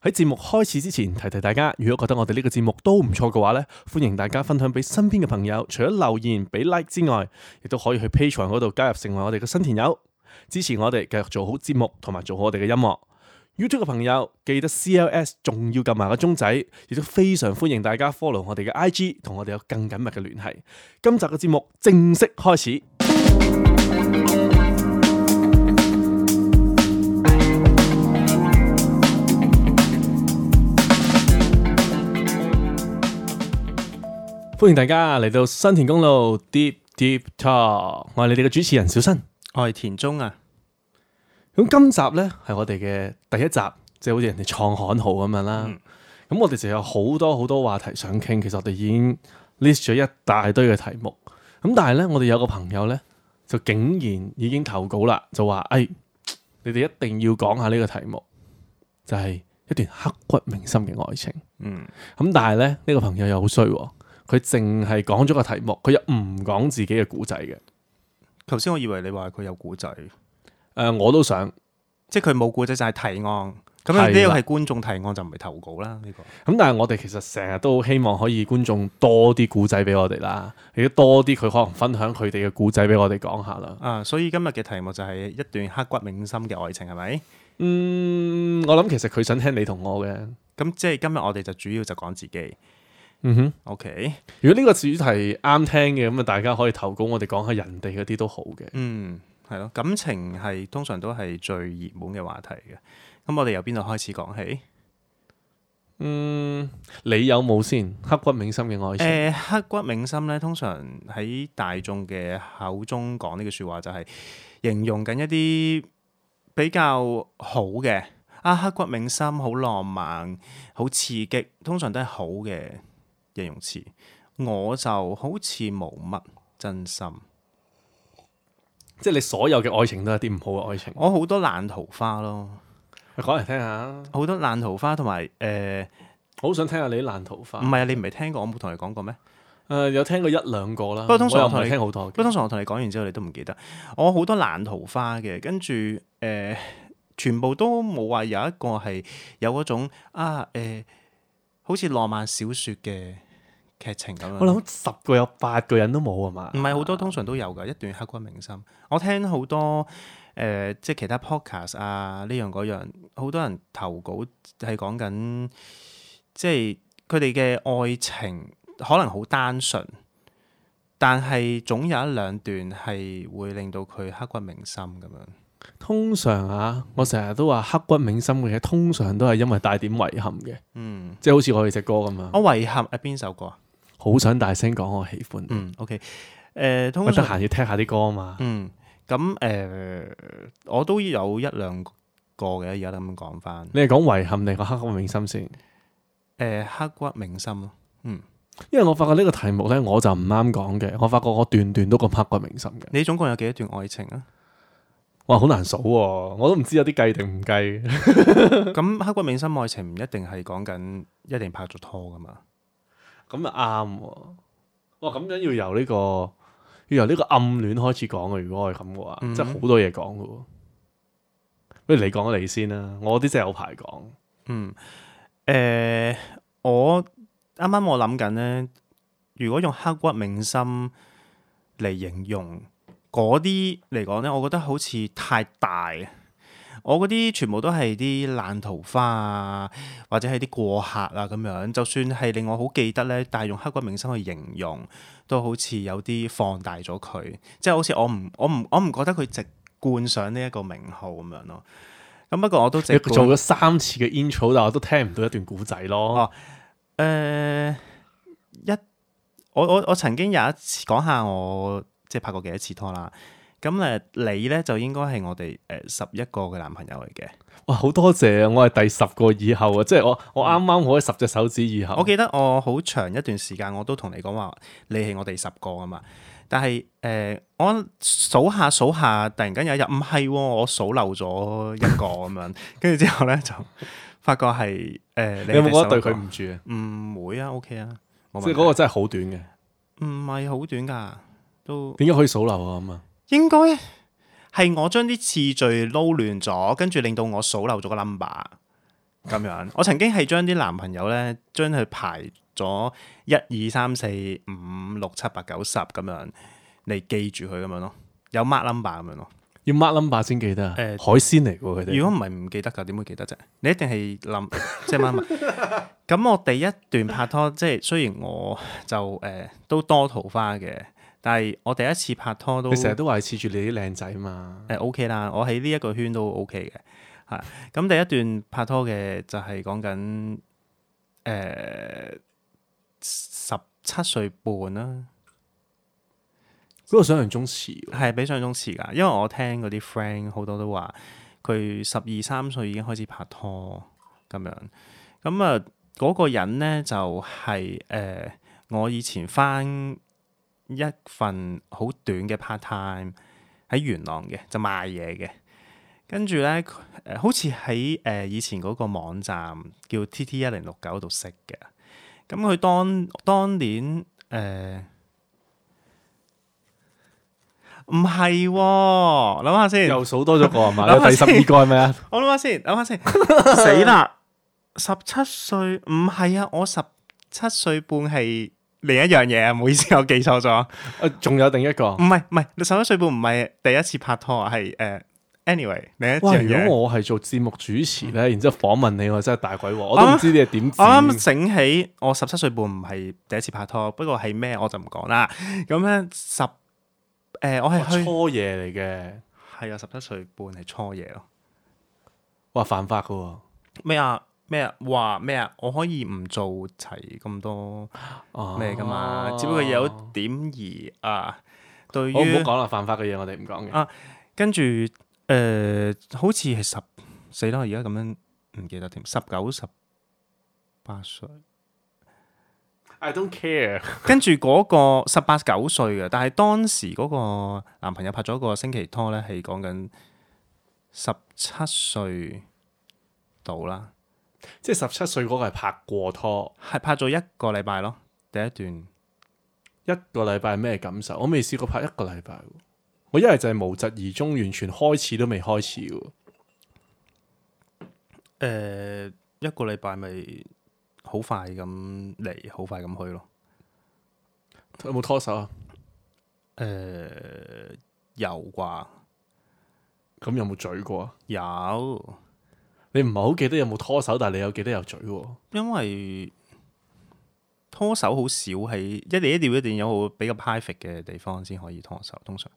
喺節目開始之前，提提大家，如果覺得我哋呢個節目都唔錯嘅話咧，歡迎大家分享俾身邊嘅朋友。除咗留言、俾 like 之外，亦都可以去 Patreon 嗰度加入，成為我哋嘅新田友，支持我哋繼續做好節目同埋做好我哋嘅音樂。YouTube 嘅朋友記得 CLS 仲要撳埋個鐘仔，亦都非常歡迎大家 follow 我哋嘅 IG，同我哋有更緊密嘅聯繫。今集嘅節目正式開始。 歡迎大家嚟到新田公路 Deep Deep Talk，我係你哋嘅主持人小新，我係田中啊。咁今集咧係我哋嘅第一集，即係好似人哋創刊號咁樣啦。咁、嗯、我哋就有好多好多話題想傾，其實我哋已經 list 咗一大堆嘅題目。咁但係咧，我哋有個朋友咧就竟然已經投稿啦，就話：誒、哎，你哋一定要講下呢個題目，就係、是、一段刻骨銘心嘅愛情。嗯。咁但係咧，呢個朋友又好衰。佢淨係講咗個題目，佢又唔講自己嘅古仔嘅。頭先我以為你話佢有古仔，誒、呃，我都想，即係佢冇古仔就係、是、提案。咁呢個係觀眾提案的就唔係投稿啦。呢個咁但係我哋其實成日都希望可以觀眾多啲古仔俾我哋啦，亦都多啲佢可能分享佢哋嘅古仔俾我哋講下啦。啊，所以今日嘅題目就係一段刻骨銘心嘅愛情，係咪？嗯，我諗其實佢想聽你同我嘅，咁即係今日我哋就主要就講自己。嗯哼、mm hmm.，OK。如果呢個主題啱聽嘅，咁啊大家可以投稿我說說，我哋講下人哋嗰啲都好嘅。嗯，係咯，感情係通常都係最熱門嘅話題嘅。咁我哋由邊度開始講起？嗯，你有冇先？刻骨銘心嘅愛情。誒、呃，刻骨銘心咧，通常喺大眾嘅口中講呢個說話，就係形容緊一啲比較好嘅。啊，刻骨銘心，好浪漫，好刺激，通常都係好嘅。形容詞，我就好似冇乜真心，即係你所有嘅愛情都係啲唔好嘅愛情。我好多爛桃花咯，你講嚟聽下。好多爛桃花，同埋誒，我好、呃、想聽下你啲爛桃花。唔係啊，你唔係聽過我冇同你講過咩？誒、呃，有聽過一兩個啦。不過通常我同你我聽好多。不過通常我同你講完之後，你都唔記得。我好多爛桃花嘅，跟住誒，全部都冇話有，有一個係有嗰種啊，誒、呃，好似浪漫小說嘅。劇情咁樣，我諗十個有八個人都冇啊嘛，唔係好多，通常都有噶一段刻骨銘心。我聽好多誒、呃，即係其他 podcast 啊，呢樣嗰樣，好多人投稿係講緊，即係佢哋嘅愛情可能好單純，但係總有一兩段係會令到佢刻骨銘心咁樣。通常啊，我成日都話刻骨銘心嘅嘢，通常都係因為帶點遺憾嘅，嗯，即係好似我哋隻歌咁樣。我遺憾係邊首歌啊？好想大聲講我喜歡。嗯，OK，誒、呃，通常得閒要聽下啲歌啊嘛。嗯，咁誒、呃，我都有一兩個嘅，而家咁講翻。你係講遺憾定個刻骨銘心先？誒、呃，刻骨銘心咯。嗯，因為我發覺呢個題目咧，我就唔啱講嘅。我發覺我段段都講刻骨銘心嘅。你總共有幾多段愛情啊？哇，好難數、啊，我都唔知有啲計定唔計。咁 刻 骨銘心愛情唔一定係講緊，一定拍咗拖㗎嘛。咁又啱喎，哇！咁樣要由呢、呢個要由呢個暗戀開始講嘅，如果係咁嘅話，mm hmm. 即係好多嘢講嘅喎。不如你講你先啦，我啲真係有排講。嗯，誒、呃，我啱啱我諗緊咧，如果用刻骨銘心嚟形容嗰啲嚟講咧，我覺得好似太大我嗰啲全部都係啲爛桃花啊，或者係啲過客啊咁樣。就算係令我好記得咧，但係用刻骨銘心去形容，都好似有啲放大咗佢，即係好似我唔我唔我唔覺得佢值冠上呢一個名號咁樣咯。咁不過我都直做咗三次嘅 intro，但我都聽唔到一段古仔咯。誒、哦呃、一我我我曾經有一次講下我即係拍過幾多次拖啦。咁誒，你咧就應該係我哋誒、呃、十一個嘅男朋友嚟嘅。哇，好多謝啊！我係第十個以後啊，即係我我啱啱好喺十隻手指以後。嗯、我記得我好長一段時間我都同你講話，你係我哋十個啊嘛。但係誒、呃，我數下數下，突然間有一日唔係，我數漏咗一個咁樣。跟住 之後咧就發覺係誒、呃，你,你有冇覺得對佢唔住啊？唔會啊，OK 啊。啊即係嗰個真係好短嘅。唔係好短噶，都點解可以數漏啊？咁啊？應該係我將啲次序撈亂咗，跟住令到我數漏咗個 number 咁樣。我曾經係將啲男朋友咧，將佢排咗一二三四五六七八九十咁樣嚟記住佢咁樣咯，有 mark number 咁樣咯。要 mark number 先記得誒，欸、海鮮嚟嘅，佢哋。如果唔係唔記得噶，點會記得啫？你一定係諗即係 m a r，咁我第一段拍拖，即係雖然我就誒、呃、都多桃花嘅。但係我第一次拍拖都，你成日都話似住你啲靚仔嘛？誒，O K 啦，我喺呢一個圈都 O K 嘅，係、啊、咁第一段拍拖嘅就係講緊誒十七歲半啦、啊，嗰個想像中遲係、啊、比想像中遲噶，因為我聽嗰啲 friend 好多都話佢十二三歲已經開始拍拖咁樣，咁啊嗰個人咧就係、是、誒、呃、我以前返。一份好短嘅 part time 喺元朗嘅，就賣嘢嘅。跟住咧，誒、呃，好似喺誒以前嗰個網站叫 TT 一零六九度識嘅。咁、嗯、佢當當年誒，唔、呃、係，諗下先，諗下先諗下先又數多咗個係嘛？第十二個係咪啊？我諗下先，諗下先，死啦！十七歲唔係啊，我十七歲半係。另一樣嘢啊，唔好意思，我記錯咗。仲、啊、有另一個？唔係唔係，你十七歲半唔係第一次拍拖啊？係 anyway，另一樣如果我係做節目主持咧，然之後訪問你，我真係大鬼喎！我都唔知你係點知。我啱醒起，我十七歲半唔係第一次拍拖，不過係咩我就唔講啦。咁 咧十誒、呃，我係初夜嚟嘅，係啊，十七歲半係初夜咯。哇！犯法喎咩啊？咩啊？話咩啊？我可以唔做齊咁多咩㗎嘛？啊、只不過有啲而啊，對於我唔好講啦，犯法嘅嘢我哋唔講嘅。啊，跟住誒、呃，好似係十四啦，而家咁樣唔記得添，十九十八歲。I don't care 跟、那個。跟住嗰個十八九歲嘅，但係當時嗰個男朋友拍咗個星期拖咧，係講緊十七歲到啦。即係十七歲嗰個係拍過拖，係拍咗一個禮拜咯。第一段一個禮拜咩感受？我未試過拍一個禮拜，我一係就係無疾而終，完全開始都未開始。誒、呃，一個禮拜咪好快咁嚟，好快咁去咯。有冇拖手啊？誒、呃，有啩。咁有冇嘴過啊？有。你唔係好記得有冇拖手，但係你有記得有嘴啊。因為拖手好少係一啲一啲一定有會比較 private 嘅地方先可以拖手。通常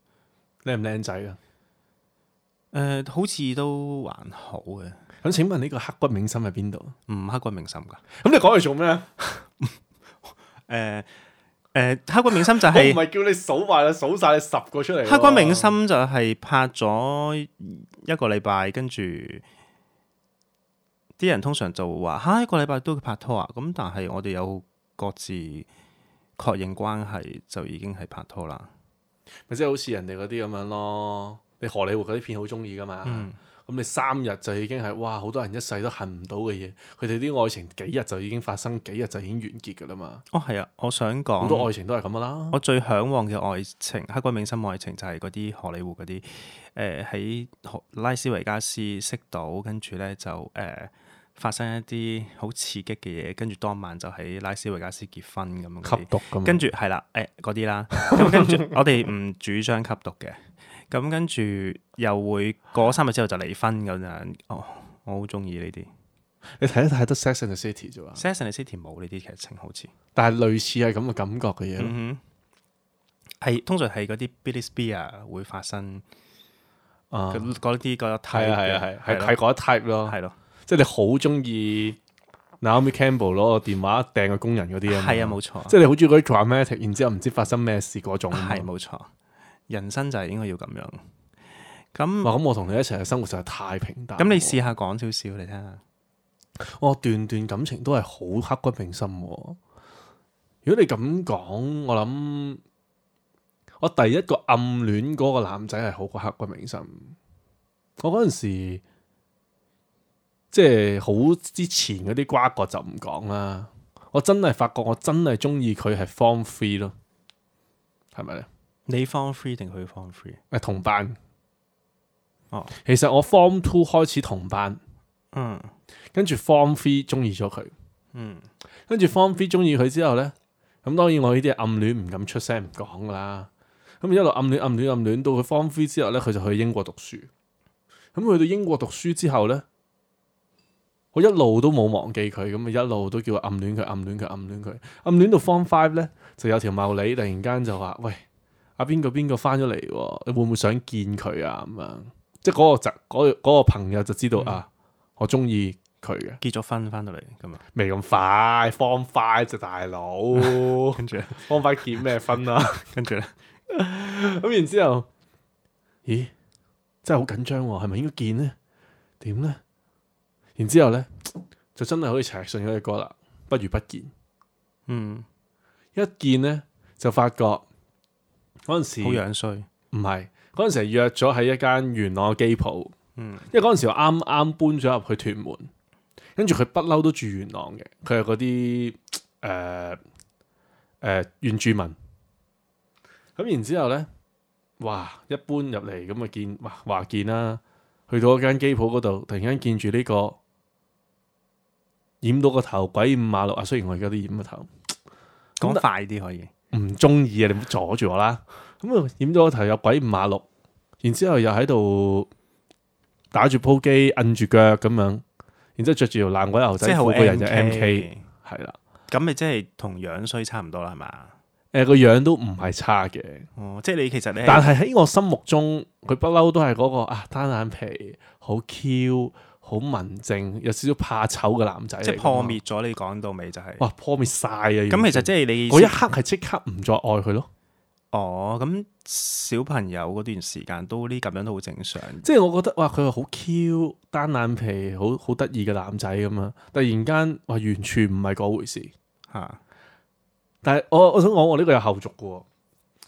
靚唔靚仔啊？誒、呃，好似都還好嘅。咁請問呢個刻骨銘心喺邊度？唔、嗯、刻骨銘心噶。咁你講嚟做咩？誒誒、 呃，刻、呃、骨銘心就係、是、我唔係叫你數埋啦，數晒你十個出嚟。刻骨銘心就係拍咗一個禮拜，跟住。啲人通常就話，嚇、啊、一個禮拜都拍拖啊！咁但係我哋有各自確認關係，就已經係拍拖啦。咪即係好似人哋嗰啲咁樣咯。你荷里活嗰啲片好中意㗎嘛？咁你三日就已經係哇，好多人一世都恨唔到嘅嘢。佢哋啲愛情幾日就已經發生，幾日就已經完結㗎啦嘛。哦，係啊，我想講好多愛情都係咁㗎啦。我最向往嘅愛情、刻骨銘心愛情就係嗰啲荷里活嗰啲，誒、呃、喺拉斯維加斯識到，跟住咧就誒。呃發生一啲好刺激嘅嘢，跟住當晚就喺拉斯維加斯結婚咁，吸毒咁，跟住係啦，誒嗰啲啦，咁 跟住我哋唔主張吸毒嘅，咁跟住又會過三日之後就離婚咁樣。哦，我好中意呢啲。你睇一睇《Sex and the City》啫嘛，《Sex and the City》冇呢啲劇情好似，但係類似係咁嘅感覺嘅嘢咯。係、嗯、通常係嗰啲 Billy Spears 會發生嗰啲嗰 type 係啊係係，喺嗰 type 咯，係咯。即係你好中意，嗱，Naomi Campbell 攞個電話掟個工人嗰啲啊，係啊，冇錯。即係你好中意嗰啲 dramatic 然之後唔知發生咩事嗰種，係冇錯。人生就係應該要咁樣。咁，咁我同你一齊嘅生活實在太平淡。咁你試下講少少嚟聽下。我段段感情都係好刻骨銘心。如果你咁講，我諗我第一個暗戀嗰個男仔係好過刻骨銘心。我嗰陣時。即係好之前嗰啲瓜葛就唔講啦。我真係發覺，我真係中意佢係 Form Three 咯，係咪咧？你 Form Three 定佢 Form Three？誒，同班哦。其實我 Form Two 開始同班，嗯，跟住 Form Three 中意咗佢，嗯，跟住 Form Three 中意佢之後咧，咁當然我呢啲係暗戀唔敢出聲唔講噶啦。咁一路暗戀暗戀暗戀到佢 Form Three 之後咧，佢就去英國讀書。咁去到英國讀書之後咧。我一路都冇忘記佢，咁啊一路都叫暗戀佢，暗戀佢，暗戀佢，暗戀到 Form Five 咧，就有條茂李突然間就話：喂，阿邊個邊個翻咗嚟？你會唔會想見佢啊？咁樣、那個，即係嗰個侄個朋友就知道、嗯、啊，我中意佢嘅。結咗婚翻到嚟，咁啊，未咁快 Form Five 就大佬。 跟住咧 Form Five 結咩婚啊？ 跟住咧，咁然之後，咦、 嗯，真係好緊張，係咪應該見咧？點咧？然之後咧，就真係好似信順嗰歌啦，不如不見。嗯，一見咧就發覺嗰陣時好樣衰，唔係嗰陣時約咗喺一間元朗嘅機鋪，嗯，因為嗰陣時我啱啱搬咗入去屯門，跟住佢不嬲都住元朗嘅，佢係嗰啲誒誒原住民。咁然之後咧，哇，一搬入嚟咁啊見，哇話見啦，啊，去到一間機鋪嗰度，突然間見住呢、這個。染到個頭鬼五馬六啊！雖然我而家都染個頭，講得快啲可以。唔中意啊！你唔阻住我啦。咁啊，染到個頭有鬼五馬六，然之後又喺度打住鋪機，摁住腳咁樣，然之後着住條爛鬼牛仔褲嘅人就 MK，係啦。咁咪即係同樣衰差唔多啦，係嘛？誒、呃，個樣都唔係差嘅。哦，即係你其實你，但係喺我心目中，佢不嬲都係嗰個啊，單眼皮好 Q，好文靜，有少少怕醜嘅男仔，即係破滅咗。你講到尾就係、是、哇，破滅晒啊！咁其實即係你我一刻係即刻唔再愛佢咯。哦，咁小朋友嗰段時間都呢咁樣都好正常。即係我覺得哇，佢係好 Q，單眼皮，好好得意嘅男仔咁啊！突然間哇，完全唔係嗰回事吓。啊、但係我我想講，我呢個有後續嘅，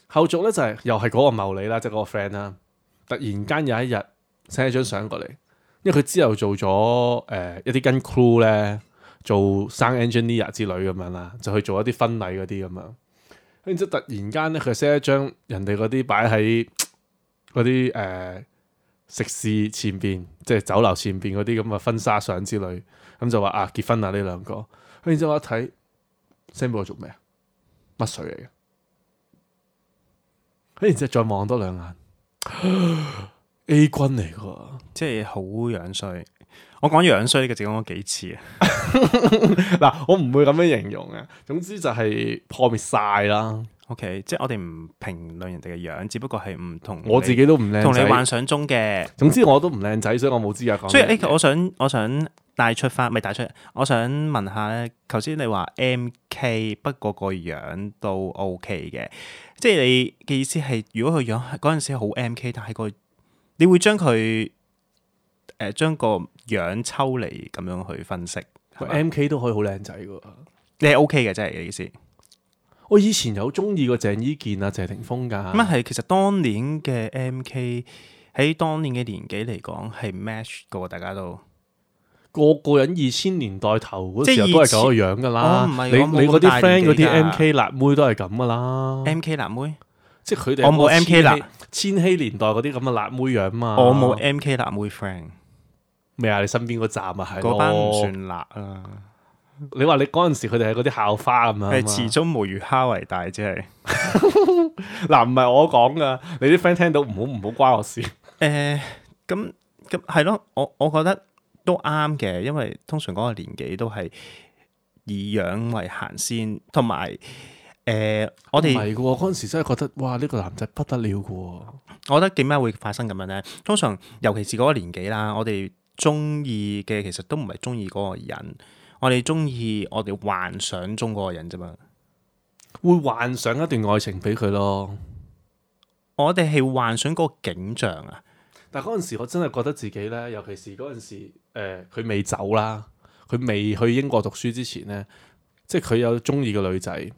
後續咧就係、是、又係嗰個茂利啦，即係嗰個 friend 啦。突然間有一日 send 咗張相過嚟。因為佢之後做咗誒、呃、一啲跟 crew 咧，做 sound engineer 之類咁樣啦，就去做一啲婚禮嗰啲咁樣。跟住突然間咧，佢 send 一張人哋嗰啲擺喺嗰啲誒食肆前邊，即係酒樓前邊嗰啲咁嘅婚紗相之類，咁就話啊結婚啊呢兩個。跟住就我一睇 send 俾我做咩啊？乜水嚟嘅？跟住再望多兩眼。 A 君嚟噶，即係好樣衰。我講樣衰嘅就講咗幾次啊！嗱 我唔會咁樣形容啊。總之就係破滅晒啦。OK，即係我哋唔評論人哋嘅樣，只不過係唔同。我自己都唔靚同你幻想中嘅，總之我都唔靚仔，所以我冇知啊。所以 A，、欸、我想我想帶出翻，唔係帶出。我想問下咧，頭先你話 MK，不過個樣都 OK 嘅，即係你嘅意思係，如果佢樣嗰陣時好 MK，但係、個。你會將佢誒，將、呃、個樣抽嚟咁樣去分析。吧 M K 都可以好靚仔噶，你係 O K 嘅真係。意思我以前有中意過鄭伊健啊、謝霆鋒噶。乜啊係，其實當年嘅 M K 喺當年嘅年紀嚟講係 match 噶，大家都個個人二千年代頭嗰時候都係咁嘅樣噶啦。啊、你、啊、你嗰啲 friend 嗰啲 M K 辣妹都係咁噶啦。M K 辣妹，即係佢哋我冇 M K 辣。千禧年代嗰啲咁嘅辣妹樣嘛，我冇 MK 辣妹 friend。未啊？你身邊個站啊，係嗰班唔算辣啊。你話你嗰陣時佢哋係嗰啲校花咁樣，係、欸、始終無魚蝦為大，啫。 係嗱，唔係我講噶，你啲 friend 聽到唔好唔好關我事。誒、欸，咁咁係咯，我我覺得都啱嘅，因為通常嗰個年紀都係以樣為行先，同埋。誒、呃，我哋係嗰陣時真係覺得哇，呢個男仔不得了噶。我覺得點解會發生咁樣呢？通常尤其是嗰個年紀啦，我哋中意嘅其實都唔係中意嗰個人，我哋中意我哋幻想中嗰個人啫嘛。會幻想一段愛情俾佢咯。我哋係幻想嗰個景象啊。但嗰陣時我真係覺得自己呢，尤其是嗰陣時，誒、呃，佢未走啦，佢未去英國讀書之前呢，即係佢有中意嘅女仔。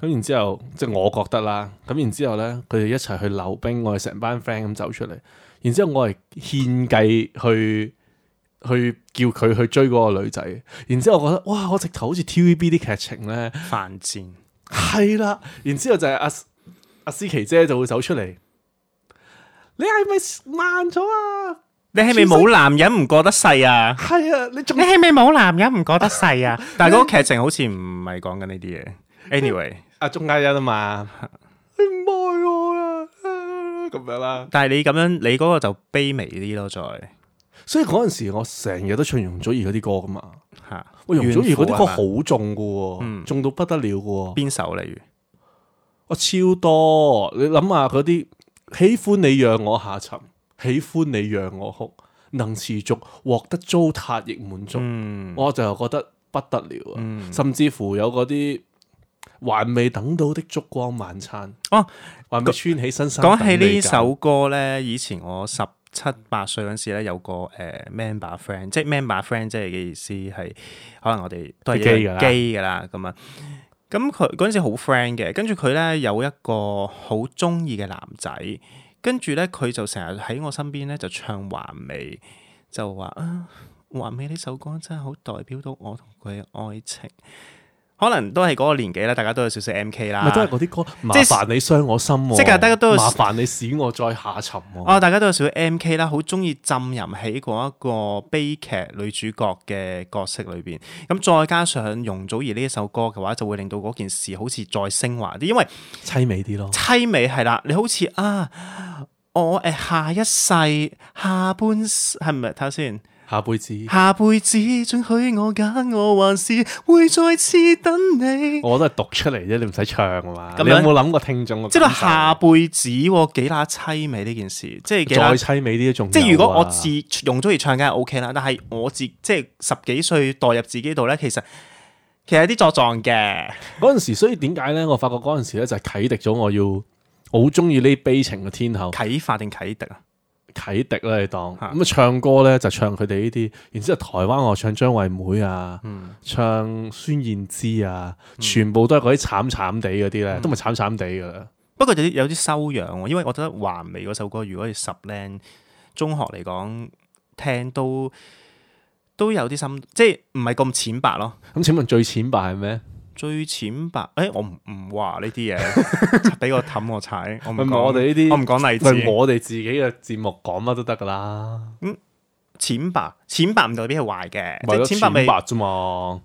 咁然之後，即係我覺得啦。咁然之後咧，佢哋一齊去溜冰，我哋成班 friend 咁走出嚟。然之後我係獻計去去，去叫佢去追嗰個女仔。然之後我覺得，哇！我直頭好似 TVB 啲劇情咧，犯賤戰。係啦。然之後就係阿阿思琪姐就會走出嚟。你係咪慢咗啊？你係咪冇男人唔過得世啊？係啊，你仲你係咪冇男人唔過得世啊？ 但係嗰個劇情好似唔係講緊呢啲嘢。Anyway。 阿鍾嘉欣啊嘛，你唔愛我啦、啊，咁、啊、樣啦。但係你咁樣，你嗰個就卑微啲咯。再，所以嗰陣時我成日都唱容祖兒嗰啲歌噶嘛。吓哈，容祖兒嗰啲歌好重噶、啊，啊嗯、重到不得了噶、啊。邊首例、啊、如？我超多，你諗下嗰啲喜歡你讓我下沉，喜歡你讓我哭，能持續獲得糟蹋亦滿足。嗯、我就覺得不得了啊，嗯、甚至乎有嗰啲。還未等到的燭光晚餐哦，還未穿起新衫。講起呢首歌咧，以前我十七八歲嗰時咧，有個誒 member friend，即係 member friend，即係嘅意思係可能我哋都係 gay 噶啦咁啊。咁佢嗰陣時好 friend 嘅，跟住佢咧有一個好中意嘅男仔，跟住咧佢就成日喺我身邊咧就唱《還未》，就話啊，《還未》呢首歌真係好代表到我同佢嘅愛情。可能都係嗰個年紀咧，大家都有少少 M K 啦。咪都係嗰啲歌，即係麻煩你傷我心、啊。即係大家都有麻煩你使我再下沉、啊。哦，大家都有少少 M K 啦，好中意浸淫喺嗰一個悲劇女主角嘅角色裏邊。咁再加上容祖兒呢一首歌嘅話，就會令到嗰件事好似再升華啲，因為凄美啲咯。凄美係啦，你好似啊，我誒下一世下半世係咪？睇下先。看看下輩子，下輩子准許我揀，我還是會再次等你。我都係讀出嚟啫，你唔使唱啊嘛。咁你有冇諗過聽眾？即係下輩子幾乸淒美呢件事？即係再淒美呢一種。即係如果我自容祖兒唱梗係 OK 啦，但係我自即係十幾歲代入自己度咧，其實其實有啲作狀嘅。嗰陣時，所以點解咧？我發覺嗰陣時咧就係啟迪咗我要好中意呢悲情嘅天后。啟發定啟迪啊？啟迪啦，你當咁啊！唱歌咧就唱佢哋呢啲，然之後台灣我唱張惠妹啊，嗯、唱孫燕姿啊，嗯、全部都係嗰啲慘慘地嗰啲咧，嗯、都咪慘慘地㗎喇。不過有啲有啲修養，因為我覺得華美嗰首歌，如果係十靚中學嚟講聽都都有啲深，即係唔係咁淺白咯？咁、嗯、請問最淺白係咩？最淺白，哎、欸，我唔唔話呢啲嘢，俾個氹我踩，我唔講。 我哋呢啲，我唔講例子，我哋自己嘅節目講乜都得噶啦。嗯，淺白，淺白唔代表邊係壞嘅，即淺白咪白啫嘛。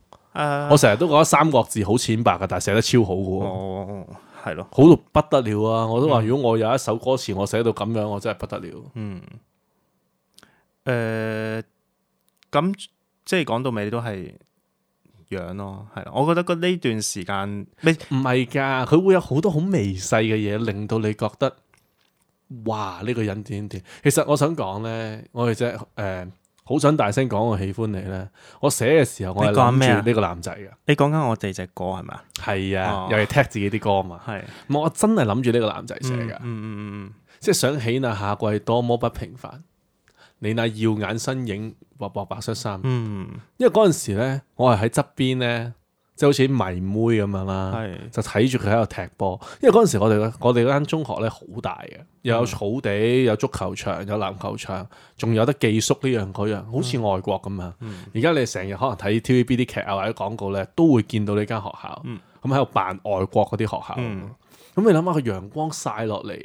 我成日都覺得三個字好淺白嘅，但係寫得超好嘅、啊。哦，係咯，好到不得了啊！我都話，如果我有一首歌詞，我寫到咁樣，嗯、我真係不得了。嗯。誒、呃，咁即係講到尾都係。樣咯，係啦，我覺得呢段時間唔係噶，佢會有好多好微細嘅嘢，令到你覺得哇呢、這個人點點。其實我想講咧，我係即係誒，好、呃、想大聲講我喜歡你咧。我寫嘅時候，我係諗住呢個男仔噶。你講緊我哋隻歌係咪啊？係啊、哦，尤其是聽自己啲歌啊嘛。係是，我真係諗住呢個男仔寫噶。嗯嗯嗯嗯，即係想起那下季多麼不平凡。你那耀眼身影，薄薄白恤衫。嗯，因為嗰陣時咧、嗯，我係喺側邊咧，即係好似迷妹咁樣啦，就睇住佢喺度踢波。因為嗰陣時我哋咧，我哋嗰間中學咧好大嘅，又有，有草地，有足球場，有籃球場，仲有得寄宿呢樣嗰樣，好似外國咁樣！而家、嗯、你成日可能睇 TVB 啲劇啊或者廣告咧，都會見到呢間學校。咁喺度扮外國嗰啲學校。咁、嗯嗯、你諗下，佢陽光曬落嚟，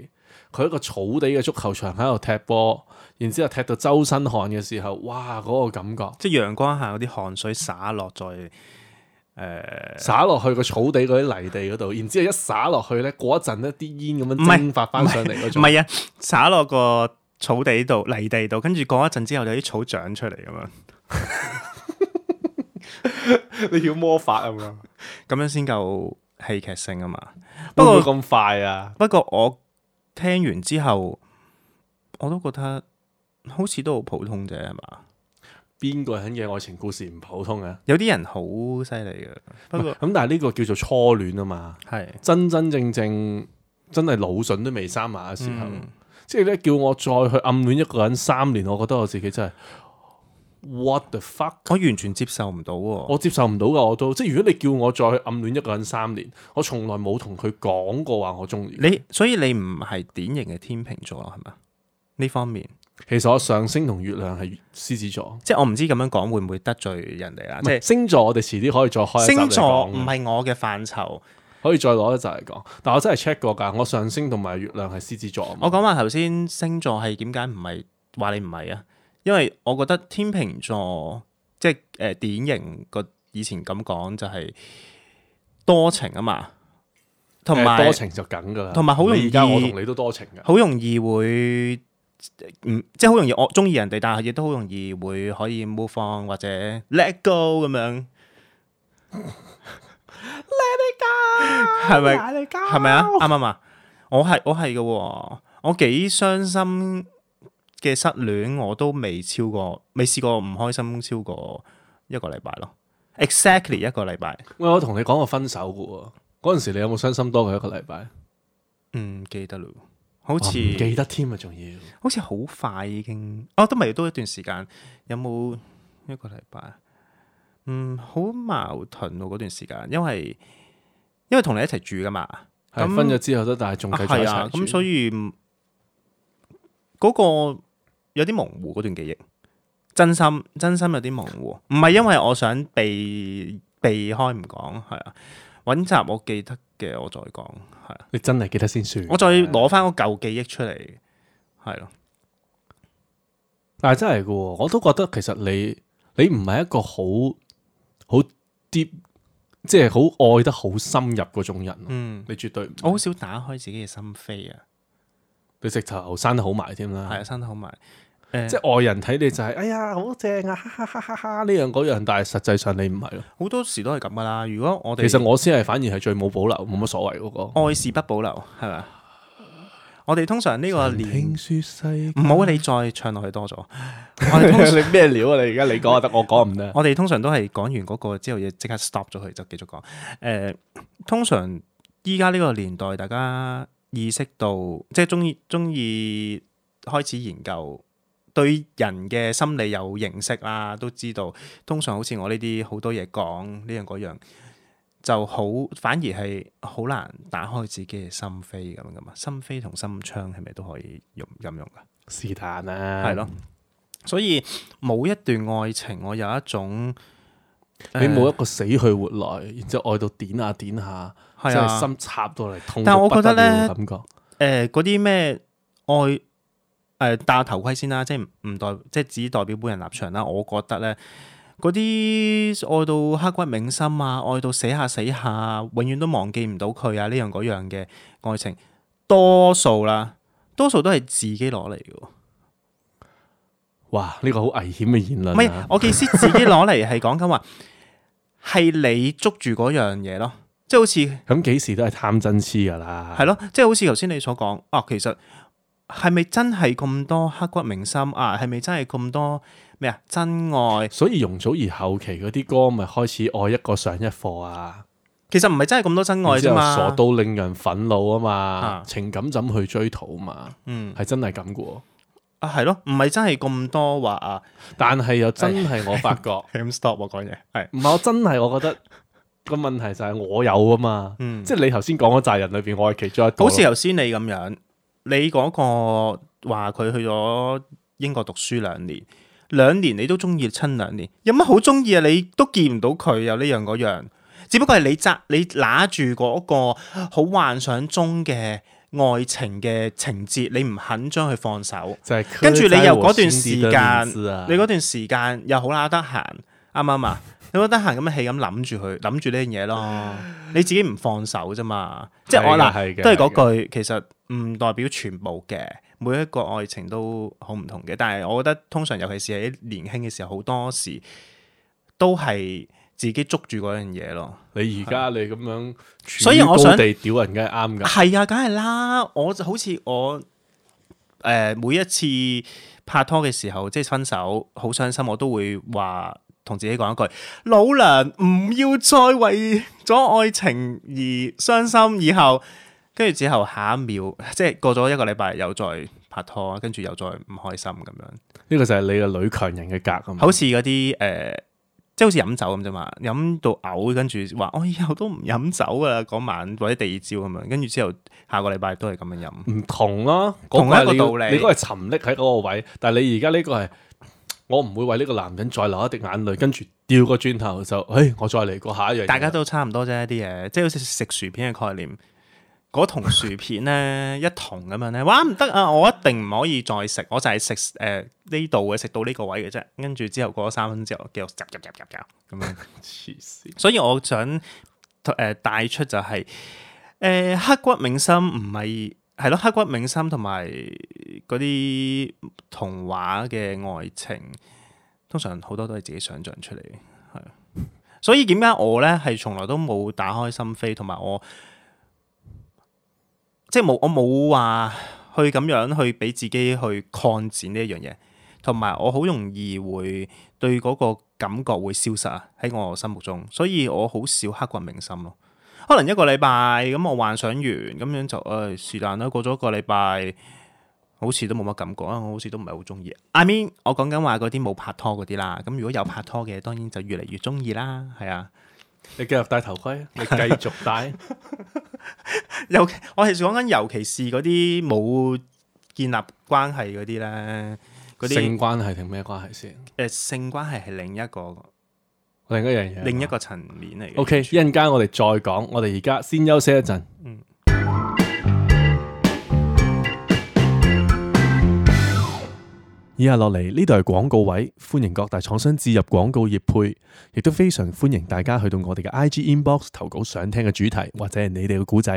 佢一個草地嘅足球場喺度踢波。然之後踢到周身汗嘅時候，哇！嗰、嗰個感覺，即係陽光下嗰啲汗水灑落在誒，灑落去個草地嗰啲泥地嗰度。然之後一灑落去咧，過一陣咧啲煙咁樣蒸發翻上嚟。唔係啊，灑落個草地度、泥地度，跟住過一陣之後，就啲草長出嚟咁樣。 你要魔法啊嘛？咁 樣先夠戲劇性啊嘛？會唔會啊，不過咁快啊？不過我聽完之後，我都覺得。好似都好普通啫，係嘛？邊個人嘅愛情故事唔普通嘅？有啲人好犀利嘅。不過咁，但係呢個叫做初戀啊嘛。係嘅。真真正正，真係腦囟都未生埋嘅時候，嗯、即係咧叫我再去暗戀一個人三年，我覺得我自己真係 what the fuck！我完全接受唔到、啊，我接受唔到噶。我都即係如果你叫我再去暗戀一個人三年，我從來冇同佢講過話我中意你。所以你唔係典型嘅天秤座係咪？呢方面。其實我上升同月亮係獅子座，即係我唔知咁樣講會唔會得罪人哋啦。不即係星座，我哋遲啲可以再開一集嚟講。星座唔係我嘅範疇，可以再攞一集嚟講。但我真係 check 過噶，我上升同埋月亮係獅子座。我講下頭先星座係點解唔係話你唔係啊？因為我覺得天秤座即係誒、呃、典型個以前咁講就係多情啊嘛，同埋、呃、多情就梗噶啦，同埋好容易。而家我同你都多情噶，好容易會。唔，即係好容易我中意人哋，但係亦都好容易會可以 move on 或者 let go 咁樣。 Let it go，係咪？係咪啊？啱唔啱？我係我係嘅、哦，我幾傷心嘅失戀，我都未超過，未試過唔開心超過一個禮拜咯。Exactly 一個禮拜。我我同你講過分手嘅喎，嗰陣時你有冇傷心多過一個禮拜？唔、嗯、記得啦。好似、哦、記得添啊，仲要好似好快已經哦，都未都一段時間，有冇一個禮拜？嗯，好矛盾喎、啊，嗰段時間，因為因為同你一齊住噶嘛，咁係、咁分咗之後都但係仲繼續一齊住，嗰、啊啊嗰個有啲模糊，嗰段記憶真心真心有啲模糊，唔係因為我想避避開唔講，係啊，揾集我記得。嘅我再講，係啊，你真係記得先算。我再攞翻個舊記憶出嚟，係咯。但係真係噶，我都覺得其實你你唔係一個好好 deep，即係好愛得好深入嗰種人。嗯，你絕對我好少打開自己嘅心扉啊。你直頭生得好埋添啦，係啊，生得好埋。呃、即係外人睇你就係、是，哎呀，好正啊，哈哈哈，哈！哈哈呢樣嗰樣，但係實際上你唔係咯。好多時都係咁噶啦。如果我哋其實我先係反而係最冇保留，冇乜所謂嗰、那個。愛是不保留，係咪？ 我哋通常呢個年唔好你再唱落去多咗。你咩料啊？你而家你講啊得，我講唔得。 我哋通常都係講完嗰個之後，嘢，即刻 stop 咗佢，就繼續講。誒、呃，通常依家呢個年代，大家意識到即係中意中意開始研究。對人嘅心理有認識啦，都知道通常好似我呢啲好多嘢講呢樣嗰樣就好，反而係好難打開自己嘅心扉咁樣嘛。心扉同心窗係咪都可以用引用噶、啊？是但啦，係咯。所以冇一段愛情，我有一種你冇一個死去活來，呃、然之後愛到點下點下，即係、啊、心插到嚟痛到。但係我覺得咧，感覺誒嗰啲咩愛。誒，戴頭盔先啦，即係唔代，即係只代表本人立場啦。我覺得咧，嗰啲愛到刻骨銘心啊，愛到死下死下，永遠都忘記唔到佢啊，呢樣嗰樣嘅愛情，多數啦，多數都係自己攞嚟嘅。哇！呢個好危險嘅言論啊。唔係，我嘅意思，自己攞嚟係講緊話，係你捉住嗰樣嘢咯，即係好似咁幾時都係貪真痴㗎啦。係咯，即係好似頭先你所講啊，其實。係咪真係咁多刻骨銘心啊？係咪真係咁多咩啊？真愛？所以容祖兒後期嗰啲歌咪開始愛一個上一課啊？其實唔係真係咁多真愛啫、啊、嘛，傻到令人憤怒啊嘛，情感怎去追討嘛？嗯，係真係咁嘅啊？係咯，唔係真係咁多話啊，但係又真係我發覺，stop 我講嘢係，唔係我真係我覺得個問題就係我有啊嘛，即係、啊、你頭先講嗰扎人裏邊，我係其中一個，好似頭先你咁樣。你嗰、嗰個話佢去咗英國讀書兩年，兩年你都中意親兩年，有乜好中意啊？你都見唔到佢有呢樣嗰樣，只不過係你揸你拿住嗰個好幻想中嘅愛情嘅情節，你唔肯將佢放手，跟住你又嗰段時間，啊、你嗰段時間又好啦得閒，啱唔啱啊？有冇得閒咁樣氣咁諗住佢，諗住呢樣嘢咯？你自己唔放手啫嘛， 即係我嗱都係嗰句，的其實唔代表全部嘅，每一個愛情都好唔同嘅。但係我覺得通常，尤其是喺年輕嘅時候，好多時都係自己捉住嗰樣嘢咯。你而家你咁樣，所以我想地屌人梗係啱噶，係啊，梗係啦。我就好似我誒、呃、每一次拍拖嘅時候，即係分手好傷心，我都會話。同自己講一句，老娘唔要再為咗愛情而傷心。以後，跟住之後下一秒，即係過咗一個禮拜，又再拍拖，跟住又再唔開心咁樣。呢個就係你嘅女強人嘅格咁樣！好似嗰啲誒，即係好似飲酒咁啫嘛，飲到嘔，跟住話我以後都唔飲酒噶啦。嗰晚或者第二朝咁樣，跟住之後下個禮拜都係咁樣飲。唔同咯、啊，嗰個、同一個道理。你嗰個係沉溺喺嗰個位，但係你而家呢個係。我唔會為呢個男人再流一滴眼淚，跟住掉個轉頭就，誒、哎,我再嚟過下一樣嘢。大家都差唔多啫，啲嘢，即係好似食薯片嘅概念，嗰桶薯片咧， 一桶咁樣咧，哇唔得啊，我一定唔可以再食，我就係食誒呢度嘅食到呢個位嘅啫，跟住之後過咗三分之後，繼續夾夾夾夾夾咁樣，黐線 病。所以我想誒帶出就係、是，誒、呃、刻骨銘心唔係。係咯，刻骨銘心同埋嗰啲童話嘅愛情，通常好多都係自己想象出嚟。係，所以點解我呢係從來都冇打開心扉，同埋我即係冇我冇話去咁樣去俾自己去擴展呢一樣嘢，同埋我好容易會對嗰個感覺會消失啊！喺我心目中，所以我好少刻骨銘心咯。可能一個禮拜咁，我幻想完咁樣就誒，是但啦。過咗一個禮拜，好似都冇乜感覺啊，好 I mean, 我好似都唔係好中意。阿咪，我講緊話嗰啲冇拍拖嗰啲啦。咁如果有拍拖嘅，當然就越嚟越中意啦。係啊，你繼續戴頭盔，你繼續戴。尤其，我其實講緊，尤其是嗰啲冇建立關係嗰啲咧，啲性關係定咩關係先？誒、呃，性關係係另一個。另一樣嘢，另一個層面嚟嘅。O K，一陣間我哋再講，我哋而家先休息一陣。嗯。以下落嚟呢度係廣告位，歡迎各大廠商置入廣告業配，亦都非常歡迎大家去到我哋嘅 I G inbox 投稿想聽嘅主題，或者係你哋嘅故仔，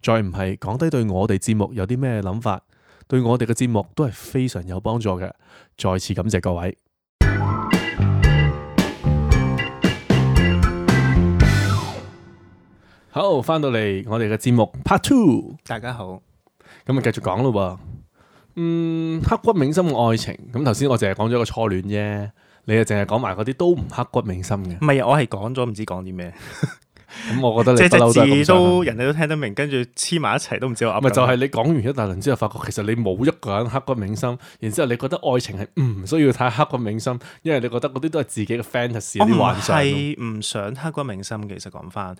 再唔係講低對我哋節目有啲咩諗法，對我哋嘅節目都係非常有幫助嘅。再次感謝各位。好，翻到嚟我哋嘅節目 part two，大家好，咁啊繼續講咯噃，嗯，刻骨銘心嘅愛情，咁頭先我淨係講咗個初戀啫，你啊淨係講埋嗰啲都唔刻骨銘心嘅，唔係，我係講咗唔知講啲咩。 咁、嗯、我覺得你即係字都人哋都聽得明，跟住黐埋一齊都唔知我噏。咪就係、是、你講完一大輪之後，發覺其實你冇一個人刻骨銘心，然之後你覺得愛情係唔需要太刻骨銘心，因為你覺得嗰啲都係自己嘅 fantasy 啲幻想。我唔係唔想刻骨銘心，其實講翻，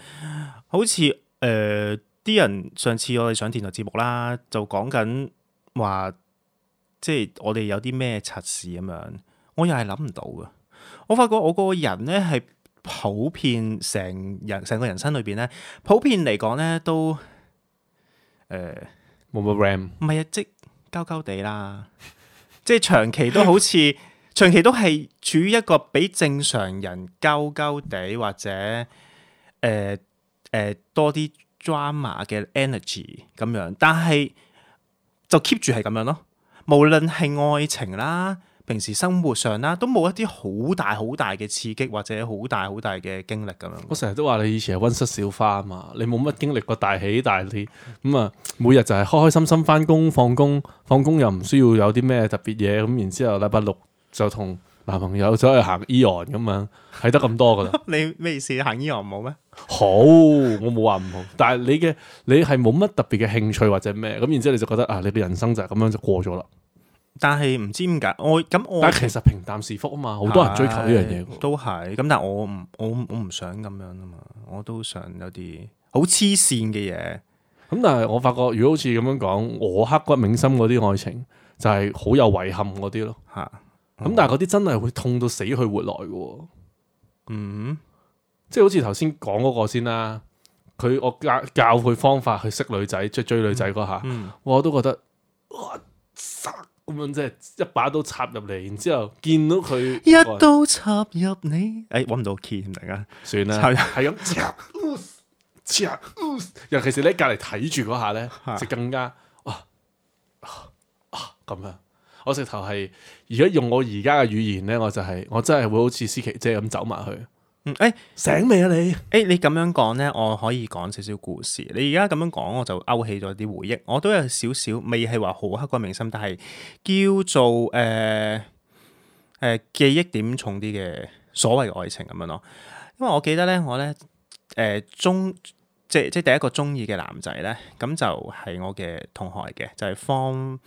好似誒啲人上次我哋上電台節目啦，就講緊話，即係我哋有啲咩測試咁樣，我又係諗唔到噶。我發覺我個人咧係。普遍成人成個人生裏邊咧，普遍嚟講咧都誒冇乜 ram，唔係啊，即係鳩鳩地啦， 即係長期都好似 長期都係處於一個比正常人鳩鳩地或者誒誒、呃呃、多啲 drama 嘅 energy 咁樣，但係就 keep 住係咁樣咯，無論係愛情啦。平時生活上啦，都冇一啲好大好大嘅刺激或者好大好大嘅經歷咁樣。我成日都話你以前係溫室小花啊嘛，你冇乜經歷過大喜大利咁啊，每日就係開開心心返工放工，放工又唔需要有啲咩特別嘢咁，然之後禮拜六就同男朋友走去行 Eon 咁樣，係得咁多㗎啦。你咩意思？行 Eon 唔好咩？好，我冇話唔好， 但係你嘅你係冇乜特別嘅興趣或者咩咁，然之後你就覺得啊，你嘅人生就係咁樣就過咗啦。但係唔知點解我咁我，我但係其實平淡是福啊嘛，好的多人追求呢樣嘢。都係咁，但係我唔我我唔想咁樣啊嘛，我都想有啲好黐線嘅嘢。咁但係我發覺，如果好似咁樣講，我刻骨銘心嗰啲愛情就係好有遺憾嗰啲咯。吓的，咁但係嗰啲真係會痛到死去活來嘅、啊。嗯，即係好似頭先講嗰個先啦、啊，佢我教教佢方法去識女仔，即追女仔嗰下，嗯、我都覺得。咁樣即係一把刀插入嚟，然之後見到佢，一刀插入你。誒、哎，揾唔到 key，大家算啦，係咁入。尤其是你隔籬睇住嗰下咧，就是、更加啊啊咁、啊、樣。我直頭係如果用我而家嘅語言咧，我就係、是、我真係會好似思琪姐咁走埋去。誒、哎、醒未啊你？誒、哎、你咁樣講咧，我可以講少少故事。你而家咁樣講，我就勾起咗啲回憶。我都有少少未係話好刻骨銘心，但係叫做誒誒、呃呃、記憶點重啲嘅所謂嘅愛情咁樣咯。因為我記得咧，我咧誒、呃、中即即第一個中意嘅男仔咧，咁就係我嘅同學嚟嘅，就係方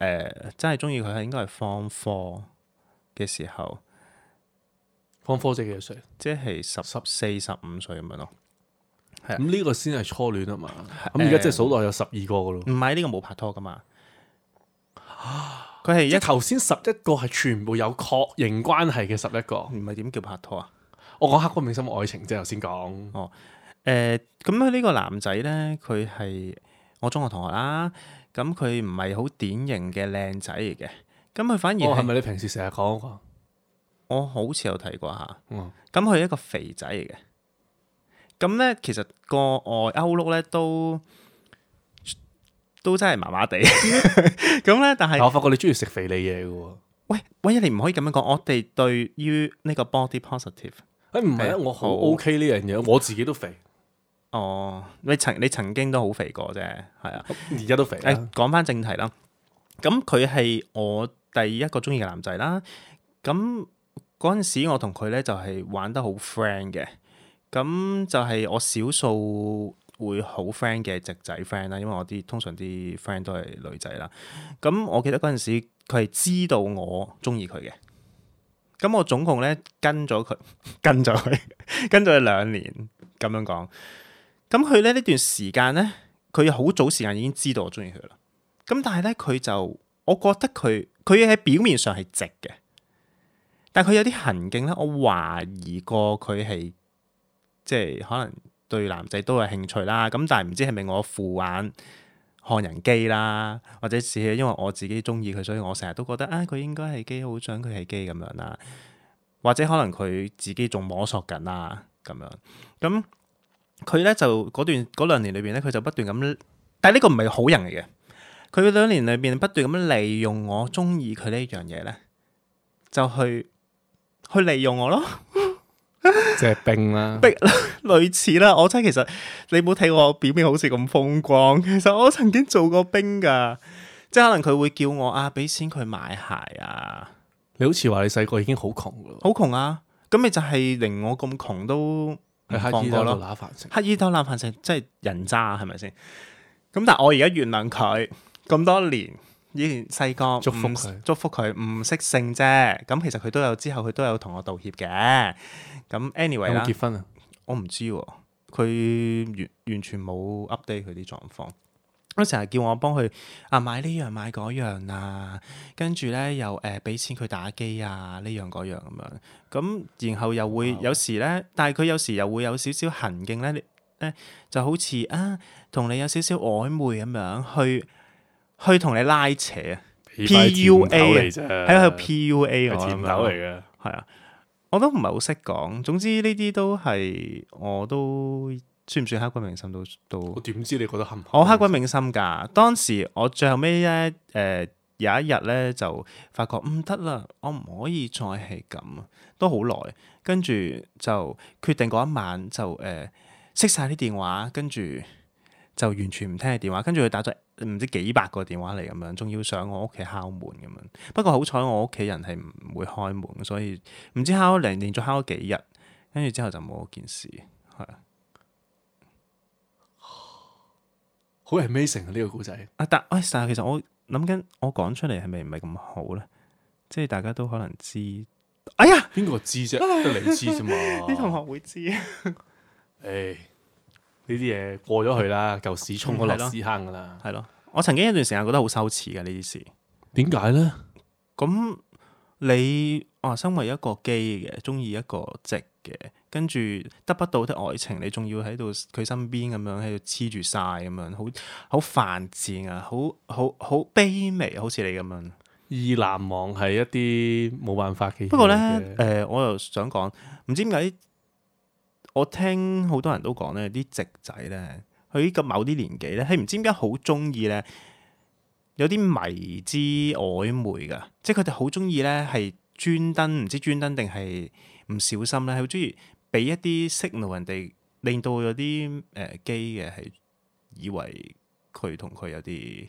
誒真係中意佢係應該係 form four 嘅時候。方科姐幾歲？即係十十四、十五歲咁樣咯。咁呢、嗯這個先係初戀啊嘛。咁而家即係數落有十二個噶咯。唔係呢個冇拍拖噶嘛。佢係而家頭先十一個係全部有確認關係嘅十一個。唔係點叫拍拖啊？我講刻骨銘心愛情即係，頭先講。哦。誒、嗯，咁呢個男仔咧，佢係我中學同學啦。咁佢唔係好典型嘅靚仔嚟嘅。咁佢反而哦，係咪你平時成日講個？我好似有睇過吓，咁佢、嗯、一個肥仔嚟嘅，咁咧其實個外歐 look 咧都都真係麻麻地，咁咧 但係是 我發覺你中意食肥膩嘢嘅。喂喂，你唔可以咁樣講，我哋對於呢個 body positive。誒唔係啊，嗯、我很 OK 好 OK 呢樣嘢，我自己都肥，哦，你曾你曾經都好肥過啫。係啊，而家都肥，誒，講翻正題啦，咁佢係我第一個中意嘅男仔啦，咁。嗰陣時我同佢咧就係玩得好 friend 嘅，咁就係我少數會好 friend 嘅直仔 friend 啦，因為我啲通常啲 friend 都係女仔啦。咁我記得嗰陣時佢係知道我中意佢嘅，咁我總共咧跟咗佢跟咗佢跟咗佢兩年咁樣講。咁佢咧呢段時間咧，佢好早時間已經知道我中意佢啦。咁但係咧佢就，我覺得佢佢喺表面上係直嘅。但佢有啲行徑咧，我懷疑過佢係即係可能對男仔都有興趣啦。咁但係唔知係咪我副眼看人機啦，或者係因為我自己中意佢，所以我成日都覺得啊，佢應該係機，好想佢係機咁樣啦。或者可能佢自己仲摸索緊啊咁樣。咁佢咧就嗰段嗰兩年裏邊咧，佢就不斷咁，但係呢個唔係好人嚟嘅。佢嗰兩年裏邊不斷咁利用我中意佢呢一樣嘢咧，就去。去利用我咯，即係兵啦，兵類似啦。我真係其實你冇睇我表面好似咁風光，其實我曾經做過兵噶。即係可能佢會叫我啊，俾錢佢買鞋啊。你好似話你細個已經好窮噶，好窮啊！咁咪就係令我咁窮都乞衣兜揦飯食，乞衣兜揦飯食，即係人渣係咪先？咁但係我而家原諒佢咁多年。以前細個祝福佢，祝福佢唔識性啫。咁其實佢都有之後，佢都有同我道歉嘅。咁 anyway 啦，有冇結婚啊？我唔知喎、啊，佢完完全冇 update 佢啲狀況。佢成日叫我幫佢啊買呢樣買嗰樣啊，跟住咧又誒俾錢佢打機啊，呢樣嗰樣咁樣。咁然後又會、哦、有時咧，但係佢有時又會有少少痕勁咧，你誒就好似啊同你有少少，少曖昧咁樣去。去同你拉扯 PUA 啊！P.U.A. 啫，喺度 P.U.A. 嘅舔狗嚟嘅，係啊，我都唔係好識講。總之呢啲都係，我都算唔算刻骨銘心都都？都我點知你覺得係唔？我刻骨銘心噶。當時我最後尾咧，誒、呃、有一日咧就發覺唔得啦，我唔可以再係咁啊，都好耐。跟住就決定嗰一晚就誒熄晒啲電話，跟住。就完全唔聽你電話，跟住佢打咗唔知幾百個電話嚟咁樣，仲要上我屋企敲門咁樣。不過好彩我屋企人係唔會開門，所以唔知敲咗零，連續敲咗幾日，跟住之後就冇嗰件事係。好係 Amazing 啊呢個故仔。啊但、哎，但其實我諗緊，我講出嚟係咪唔係咁好呢？即係大家都可能知。哎呀，邊個知啫？得 你知啫嘛？啲 同學會知啊？誒 。Hey. 呢啲嘢過咗去啦，舊屎沖過落屎坑噶啦。係咯，我曾經一段時間覺得好羞恥嘅呢啲事。點解咧？咁你啊，身為一個 gay 嘅，中意一個直嘅，跟住得不到的愛情，你仲要喺度佢身邊咁樣喺度黐住晒咁樣，好好犯賤啊！好好好卑微，好似你咁樣。意難忘係一啲冇辦法嘅、呃。不過咧，誒，我又想講，唔知點解。我聽好多人都講咧，啲直仔咧，喺咁某啲年紀咧，佢唔知點解好中意咧，有啲迷之曖昧噶，即係佢哋好中意咧，係專登唔知專登定係唔小心咧，好中意俾一啲識路人哋，令到有啲誒 gay 嘅係以為佢同佢有啲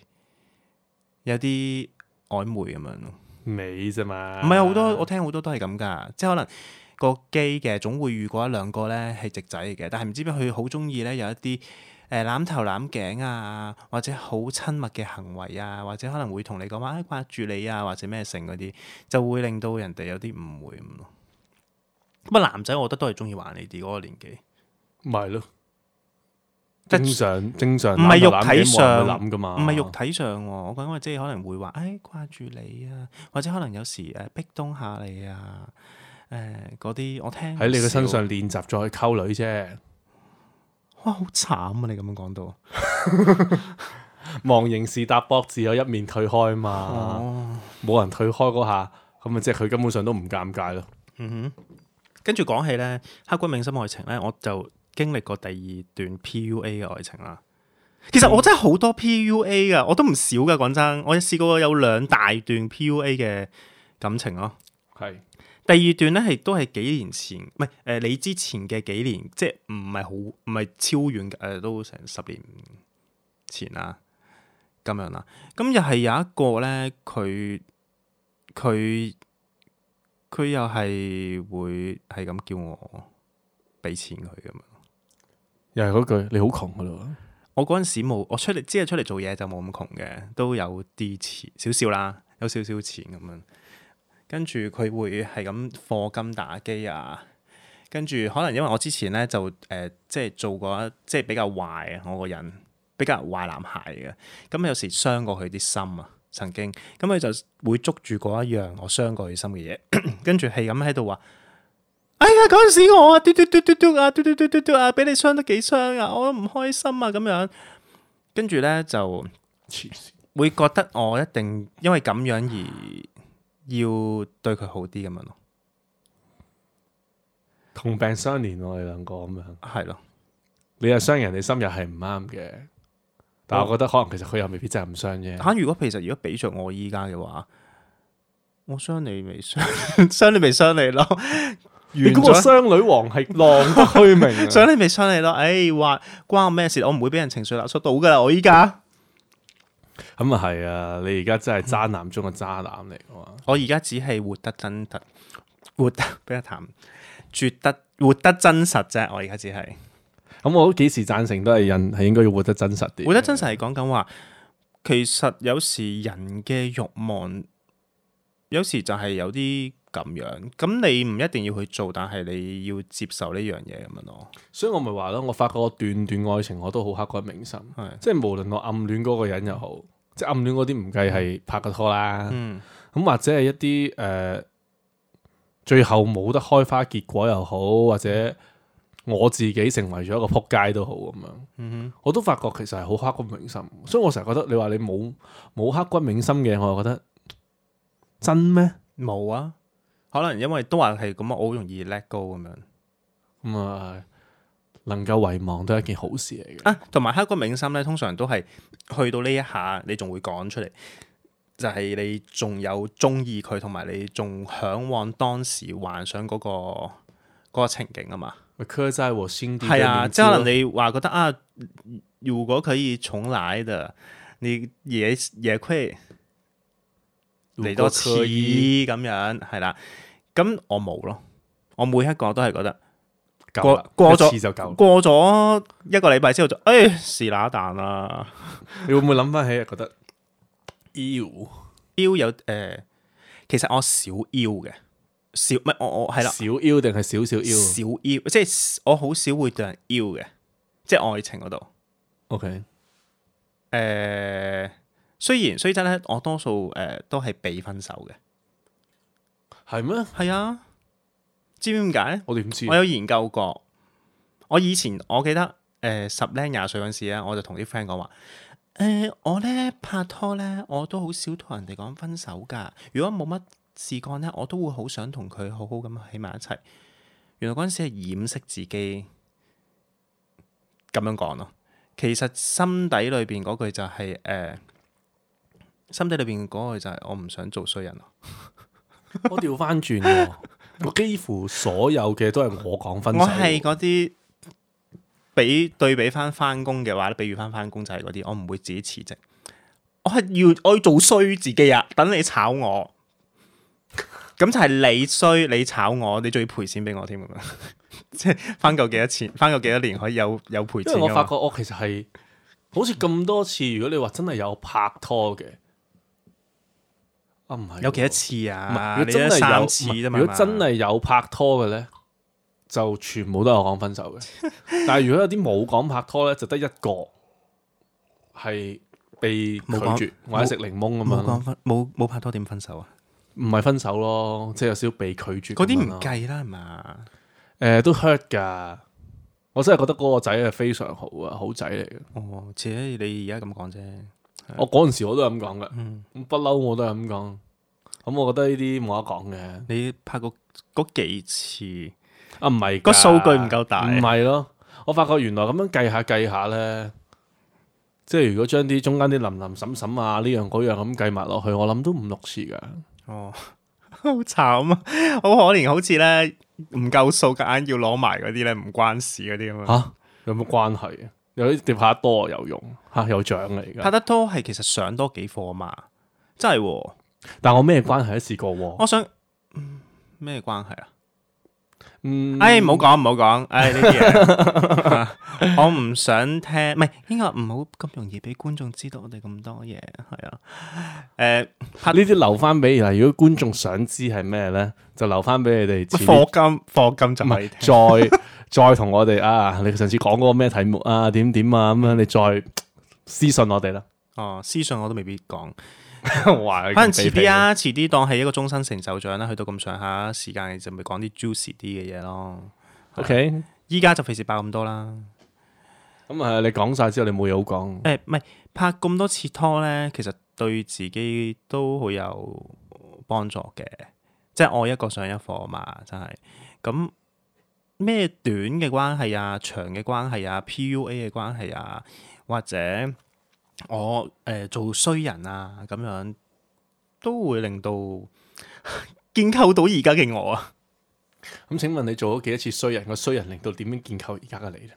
有啲曖昧咁樣美咯，咪啫嘛，唔係好多我聽好多都係咁噶，即係可能。個機嘅總會遇過一兩個咧，係直仔嘅，但係唔知點解佢好中意咧有一啲誒攬頭攬頸啊，或者好親密嘅行為啊，或者可能會同你講話誒掛住你啊，或者咩性嗰啲，就會令到人哋有啲誤會咁。咁啊，男仔我覺得都係中意玩你哋嗰、嗰個年紀，唔係咯。正常正常，唔係肉體上諗噶嘛，唔係肉體上，我覺得即係可能會話誒掛住你啊，或者可能有時誒壁、呃、咚下你啊。誒，嗰啲、呃、我聽喺你嘅身上練習再溝女啫。哇，好慘啊！你咁樣講到，望 形事搭膊，只有一面退開嘛，冇、哦、人退開嗰下，咁咪即係佢根本上都唔尷尬咯。嗯哼，跟住講起咧，刻骨銘心愛情咧，我就經歷過第二段 PUA 嘅愛情啦。其實我真係好多 PUA 噶我都唔少噶。講真，我試過有兩大段 PUA 嘅感情咯，係。第二段咧係都係幾年前，唔係誒你之前嘅幾年，即係唔係好唔係超遠嘅、呃、都成十年前啦，咁樣啦，咁又係有一個咧，佢佢佢又係會係咁叫我俾錢佢咁樣，又係嗰句、嗯、你好窮噶咯，我嗰陣時冇我出嚟即係出嚟做嘢就冇咁窮嘅，都有啲錢少少啦，有少少錢咁樣。跟住佢會係咁課金打機啊，跟住可能因為我之前咧就誒，即係做過一即係比較壞，我個人比較壞男孩嘅，咁有時傷過佢啲心啊，曾經，咁佢就會捉住嗰一樣我傷過佢心嘅嘢，跟住係咁喺度話：哎呀嗰陣時我啊，嘟嘟嘟嘟嘟啊，嘟嘟嘟嘟嘟啊，俾你傷得幾傷啊，我都唔開心啊，咁樣，跟住咧就會覺得我一定因為咁樣而。要對佢好啲咁樣咯，同病相憐、啊、我哋兩個咁樣，係咯的，你又傷人你心又係唔啱嘅，但係我覺得可能其實佢又未必真係唔傷嘅。吓，如果其實如果俾着我依家嘅話，我傷 來你未傷，傷你未傷你咯。如果個傷女王係浪得虛名，傷你 未傷你咯？誒、哎，話關我咩事？我唔會俾人情緒勒索到噶啦，我依家。 咁啊，係啊！你而家真係渣男中嘅渣男嚟嘅。我而家只係活得真實，活得比較淡，活得活得真實啫。我而家只係，咁我都幾時贊成都係人係應該要活得真實啲。活得真實係講緊話，其實有時人嘅慾望，有時就係有啲。咁樣，咁你唔一定要去做，但係你要接受呢樣嘢咁樣咯。我我所以我咪話咯，我發覺我段段愛情我都好刻骨銘心，係的即係無論我暗戀嗰個人又好，即係暗戀嗰啲唔計係拍過拖啦，咁、嗯、或者係一啲誒、呃，最後冇得開花結果又好，或者我自己成為咗一個撲街都好咁樣，嗯、哼我都發覺其實係好刻骨銘心。所以我成日覺得你話你冇冇刻骨銘心嘅，我又覺得真咩冇啊？可能因為都話係咁啊，我好容易 let go 咁樣，咁啊、嗯、能夠遺忘都係一件好事嚟嘅。啊，同埋刻骨銘心咧，通常都係去到呢一下，你仲會講出嚟，就係、是、你仲有中意佢，同埋你仲嚮往當時幻想嗰、那個那個情景啊嘛。佢真係和先啲係啊，知即係你話覺得啊，如果可以重來的，你也也嚟多次咁樣，係啦如果 是。咁我冇咯，我每一個都係覺得過夠了過咗了一次就夠，過咗一個禮拜之後就誒是那彈啦、啊。 你會唔會諗翻起覺得要要有誒、呃？其實我少要嘅少，唔係我我係啦，少要定係少少要？少要即係我好少會對人要嘅，即係愛情嗰度。O K，誒，雖然雖則咧，我多數誒、呃、都係被分手嘅。係咩？係啊！知唔知點解？我點知。我有研究過，我以前我記得，誒、呃、十零廿歲嗰陣時咧，我就同啲 friend 講話，誒、呃、我咧拍拖咧，我都好少同人哋講分手噶。如果冇乜事幹咧，我都會好想同佢好好咁喺埋一齊。原來嗰陣時係掩飾自己咁樣講咯。其實心底裏邊嗰句就係、是，誒、呃、心底裏邊嗰句就係我唔想做衰人咯。我調翻轉，我幾乎所有嘅都係我講分手。我係嗰啲比對比翻翻工嘅話，比如翻翻工就係嗰啲，我唔會自己辭職。我係要我要做衰自己啊！等你炒我，咁就係你衰，你炒我，你仲要賠錢俾我添咁樣。即 係翻夠幾多錢，翻夠幾多年可以有有賠錢。因為我發覺我其實係好似咁多次，如果你話真係有拍拖嘅。啊，唔係有幾多次啊？如果真係有，有次，如果真係有拍拖嘅咧，就全部都有講分手嘅。 但係如果有啲冇講拍拖咧，就得一個係被拒絕說或者食檸檬咁樣。冇講分，冇冇拍拖點分手啊？唔係分手咯，即係有少少被拒絕。嗰啲唔計啦，係嘛？誒，都 hurt 噶。我真係覺得嗰個仔係非常好啊，好仔嚟嘅。哦，只係你而家咁講啫。是我嗰陣時我都係咁講嘅，不嬲我都係咁講，咁我覺得呢啲冇得講嘅。你拍過嗰幾次？啊，唔係個數據唔夠大，唔係咯。我發覺原來咁樣計下計下咧，即係如果將啲中間啲林林沈沈，啊呢樣嗰樣咁計埋落去，我諗都五六次噶。哦，好慘啊，好可憐，好似咧唔夠數，夾硬要攞埋嗰啲咧，唔關事嗰啲咁啊。有乜關係啊？有啲碟拍得多，有用吓、啊，有獎嚟㗎。拍得多係其實上多幾課嘛，真係、哦。但係我咩關係都試過。我想咩、嗯、關係啊？嗯、哎，唔好講唔好講。說說哎，呢啲嘢我唔想聽，唔係應該唔好咁容易俾觀眾知道我哋咁多嘢。係啊，誒、呃，呢啲留翻俾，如如果觀眾想知係咩咧，就留翻俾你哋。課金課金就唔係不 再。再同我哋啊，你上次講嗰個咩題目啊，點點啊咁樣，樣你再私信我哋啦。哦，私信我都未必講， 哇可能遲啲啊，遲啲當係一個終身成就獎啦，去到咁上下時間就咪講啲 juicy 啲嘅嘢咯。OK，依家就費事爆咁多啦。咁啊、嗯嗯，你講晒之後你，你冇嘢好講。誒，唔係拍咁多次拖咧，其實對自己都好有幫助嘅，即係愛一個上一課嘛，真係咁。咩短嘅關係啊，長嘅關係啊，PUA 嘅關係啊，或者我誒、呃、做衰人啊，咁樣都會令到建構到而家嘅我啊。咁、嗯、請問你做咗幾多次衰人？個衰人令到點樣建構而家嘅你咧？誒、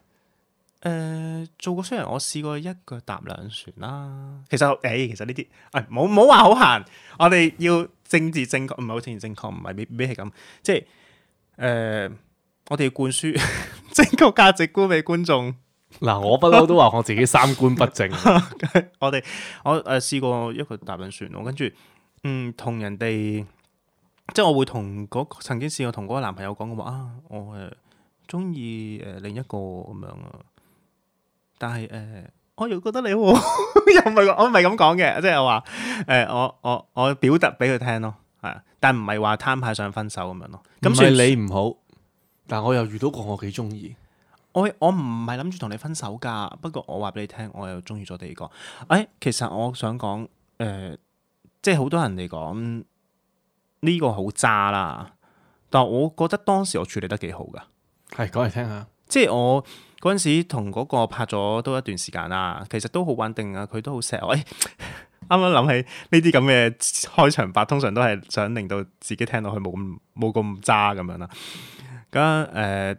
呃，做過衰人，我試過一腳踏兩船啦。其實誒、欸，其實呢啲誒，冇冇話好閒。我哋要政治正確，唔係好政治正確，唔係未必係咁。即係誒。呃我哋要灌輸 正確價值觀俾觀眾。嗱，我不嬲都話我自己三觀不正 我。我哋我誒試過一個大輪船，我跟住嗯同人哋，即係我會同嗰、那個、曾經試過同嗰個男朋友講嘅話啊，我誒中意誒另一個咁樣啊。但係誒、呃、我又覺得你 又唔係我唔係咁講嘅，即係話誒我、呃、我我，我表達俾佢聽咯，係，但唔係話攤牌想分手咁樣咯。咁係你唔好。但我又遇到過我幾中意，我我唔係諗住同你分手噶，不過我話俾你聽，我又中意咗第二個。誒、哎，其實我想講，誒、呃，即係好多人嚟講呢個好渣啦，但我覺得當時我處理得幾好噶。係，講嚟聽下，即係我嗰陣時同嗰個拍咗都一段時間啦，其實都好穩定啊，佢都好錫我。誒、哎，啱啱諗起呢啲咁嘅開場白，通常都係想令到自己聽落去冇咁冇咁渣咁樣啦。咁誒，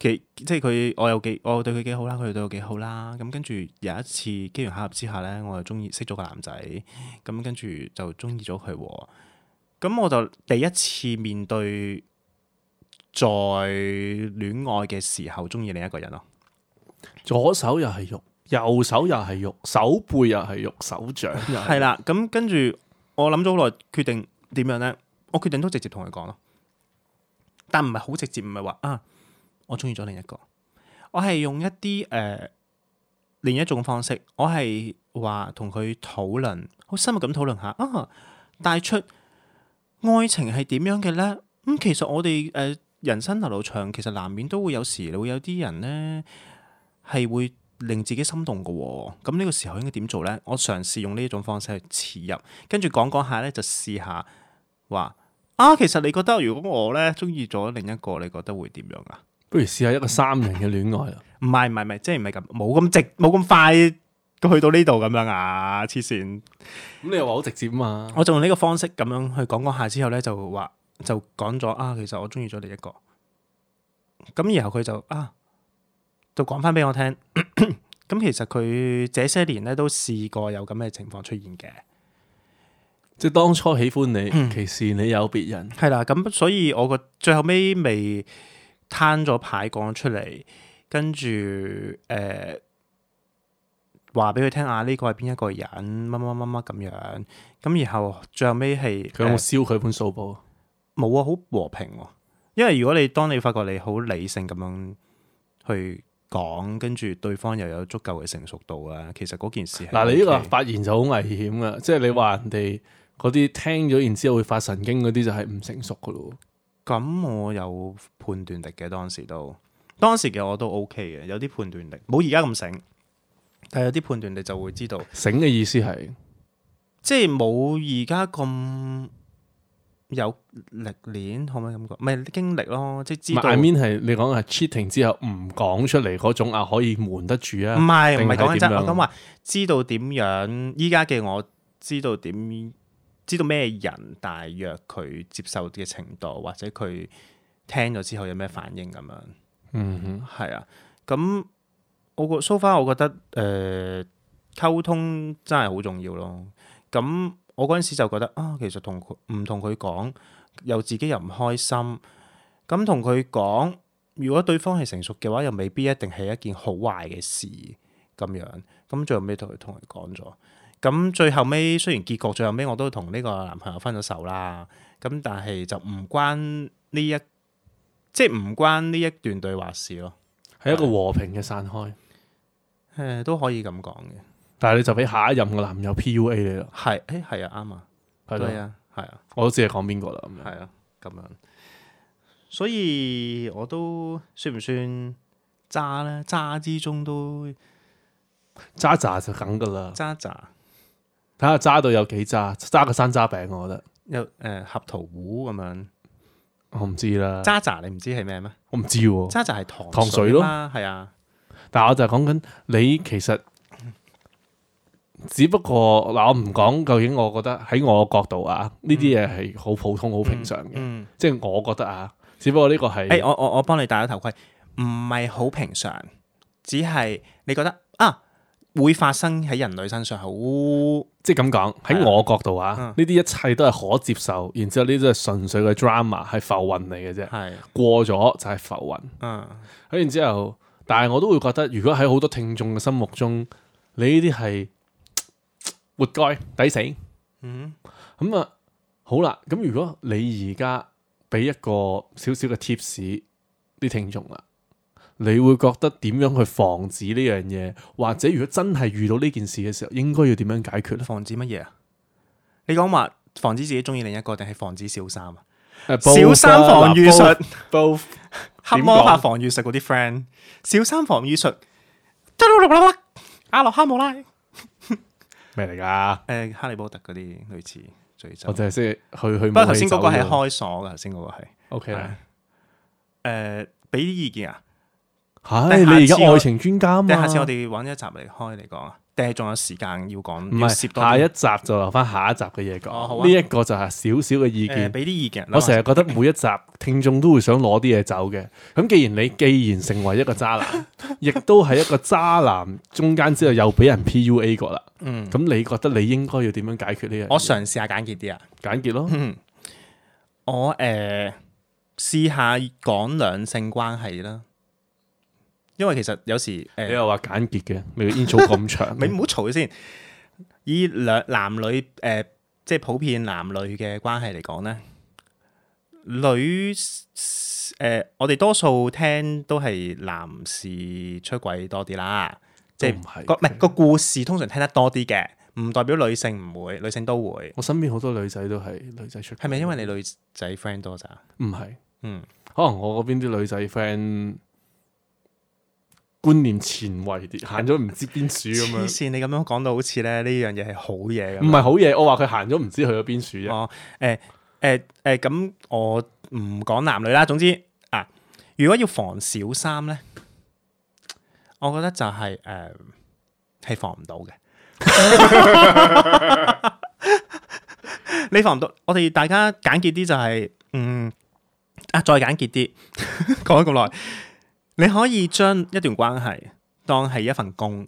幾、呃、即係佢，我有幾，我對佢幾好啦，佢對我幾好啦。咁跟住有一次機緣巧合之下咧，我又中意識咗個男仔，咁跟住就中意咗佢。咁我就第一次面對在戀愛嘅時候，中意另一個人咯。左手又係肉，右手又係肉，手背又係肉，手掌又係肉。係啦。咁跟住我諗咗好耐，決定點樣咧？我決定都直接同佢講咯。但唔係好直接，唔係話啊，我中意咗另一個。我係用一啲誒、呃、另一種方式，我係話同佢討論，好深入咁討論下啊，帶出愛情係點樣嘅呢？咁、嗯、其實我哋誒、呃、人生流流長，其實難免都會有時，會有啲人呢係會令自己心動嘅喎、哦。咁呢個時候應該點做呢？我嘗試用呢一種方式去切入，跟住講講下呢，就試下話。啊，其實你覺得如果我咧中意咗另一個，你覺得會點樣啊？不如試下一個三人嘅戀愛 是是啊！唔係唔係唔係，即係唔係咁冇咁直冇咁快去到呢度咁樣啊！黐線，咁你又話好直接啊嘛？我就用呢個方式咁樣去講講下之後咧，就話就講咗啊，其實我中意咗另一個。咁然後佢就啊，就講返俾我聽。咁 其實佢這些年咧都試過有咁嘅情況出現嘅。即係當初喜歡你， 其實你有別人。係啦，咁 所以我個最後尾未攤咗牌講出嚟，跟住誒，話俾佢聽下呢個係邊一個人，乜乜乜乜咁樣，咁然後最後尾係佢有冇燒佢本手簿？冇、呃、啊，好和平、啊。因為如果你當你發覺你好理性咁樣去講，跟住對方又有足夠嘅成熟度啊，其實嗰件事嗱、OK 啊，你呢個發言、嗯、就好危險噶，即係你話人哋。嗰啲聽咗然之後會發神經嗰啲就係唔成熟㗎咯。咁我有判斷力嘅當時都當時嘅我都 O K 嘅，有啲判斷力，冇而家咁醒。但有啲判斷力就會知道。嗯、醒嘅意思係即係冇而家咁有歷練，可唔可以咁講？唔係經歷咯，即係知大面 I mean 係你講係 cheating 之後唔講出嚟嗰種啊，可以瞞得住啊？唔係，唔係，講真，我講話知道點樣。依家嘅我知道點。知道咩人大約佢接受嘅程度，或者佢聽咗之後有咩反應咁樣。嗯哼，係啊、嗯。咁我覺得蘇花，我覺得誒、呃、溝通真係好重要咯。咁我嗰陣時就覺得啊，其實同唔同佢講，又自己又唔開心。咁同佢講，如果對方係成熟嘅話，又未必一定係一件好壞嘅事咁樣。咁最後尾都係同佢講咗。咁最後尾雖然結局最後尾我都同呢個男朋友分咗手啦，咁但係就唔關呢一，即係唔關呢一段對話事咯，係一個和平嘅散開，誒、啊、都可以咁講嘅。但係你就俾下一任嘅男友 PUA 你咯，係誒係啊啱啊，係啊係啊，我都知係講邊個啦咁樣，係啊咁樣，所以我都算唔算渣咧？渣之中都渣渣就梗噶啦，渣渣。睇下揸到有幾揸，揸個山楂餅，我覺得有誒核、呃、桃糊咁樣，我唔知啦。渣渣你唔知係咩咩？我唔知喎、啊。渣渣係糖水糖水咯，係啊。但係我就講緊你，其實只不過嗱，我唔講究竟。我覺得喺我角度啊，呢啲嘢係好普通、好平常嘅。嗯嗯嗯、即係我覺得啊，只不過呢個係誒、欸，我我我幫你戴咗頭盔，唔係好平常，只係你覺得啊。會發生喺人類身上。好，即係咁講，喺我角度啊，呢啲，嗯、一切都係可接受，然之後呢啲係純粹嘅 drama，係浮雲嚟嘅啫，係的過咗就係浮雲。嗯，然之後，但係我都會覺得，如果喺好多聽眾嘅心目中，你呢啲係活該抵死。嗯，咁啊好啦，咁如果你而家俾一個少少嘅 tips 啲聽眾啦，啊。你會覺得點樣去防止呢樣嘢？或者如果真係遇到呢件事嘅時候，應該要點樣解決咧？防止乜嘢啊？你講話防止自己中意另一個，定係防止小三啊？小三防御術，黑魔法防御術嗰啲 friend，小三防御術，阿羅哈姆拉咩嚟噶？誒，哈利波特嗰啲類似，我淨係識去去。不過頭先嗰個係開鎖噶，頭先嗰個係。OK，誒，俾啲意見啊！係你而家愛情專家嘛？下次我哋搵一集嚟開嚟講啊，定係仲有時間要講，唔係下一集就留翻下一集嘅嘢講。呢一個就係少少嘅意見，俾啲意見。我成日覺得每一集聽眾都會想攞啲嘢走嘅。咁既然你既然成為一個渣男，亦都係一個渣男，中間之後又俾人 PUA 過啦。嗯，咁你覺得你應該要點樣解決呢？我嘗試下簡潔啲啊，簡潔咯。我誒試下講兩性關係啦。因為其實有時誒，你又話簡潔嘅，你煙草咁長， 你唔好嘈佢先。以兩男女誒、呃，即係普遍男女嘅關係嚟講咧，女誒、呃，我哋多數聽都係男士出軌多啲啦。即係個唔係個故事，通常聽得多啲嘅，唔代表女性唔會，女性都會。我身邊好多女仔都係女仔出軌，係咪因為你女仔 friend 多咋？唔係是，嗯，可能我嗰邊啲女仔 friend。觀念前衛啲，行咗唔知邊處咁樣。黐線，你咁樣講到好似咧呢樣嘢係好嘢咁。唔係好嘢，我話佢行咗唔知去咗邊處。哦，誒、欸，誒、欸，誒、欸，咁我唔講男女啦。總之啊，如果要防小三咧，我覺得就係、是、誒，係、啊、防唔到嘅。 你防唔到？我哋大家簡潔啲就係、是，嗯啊，再簡潔啲，講咗咁耐。你可以將一段關係當係一份工，誒、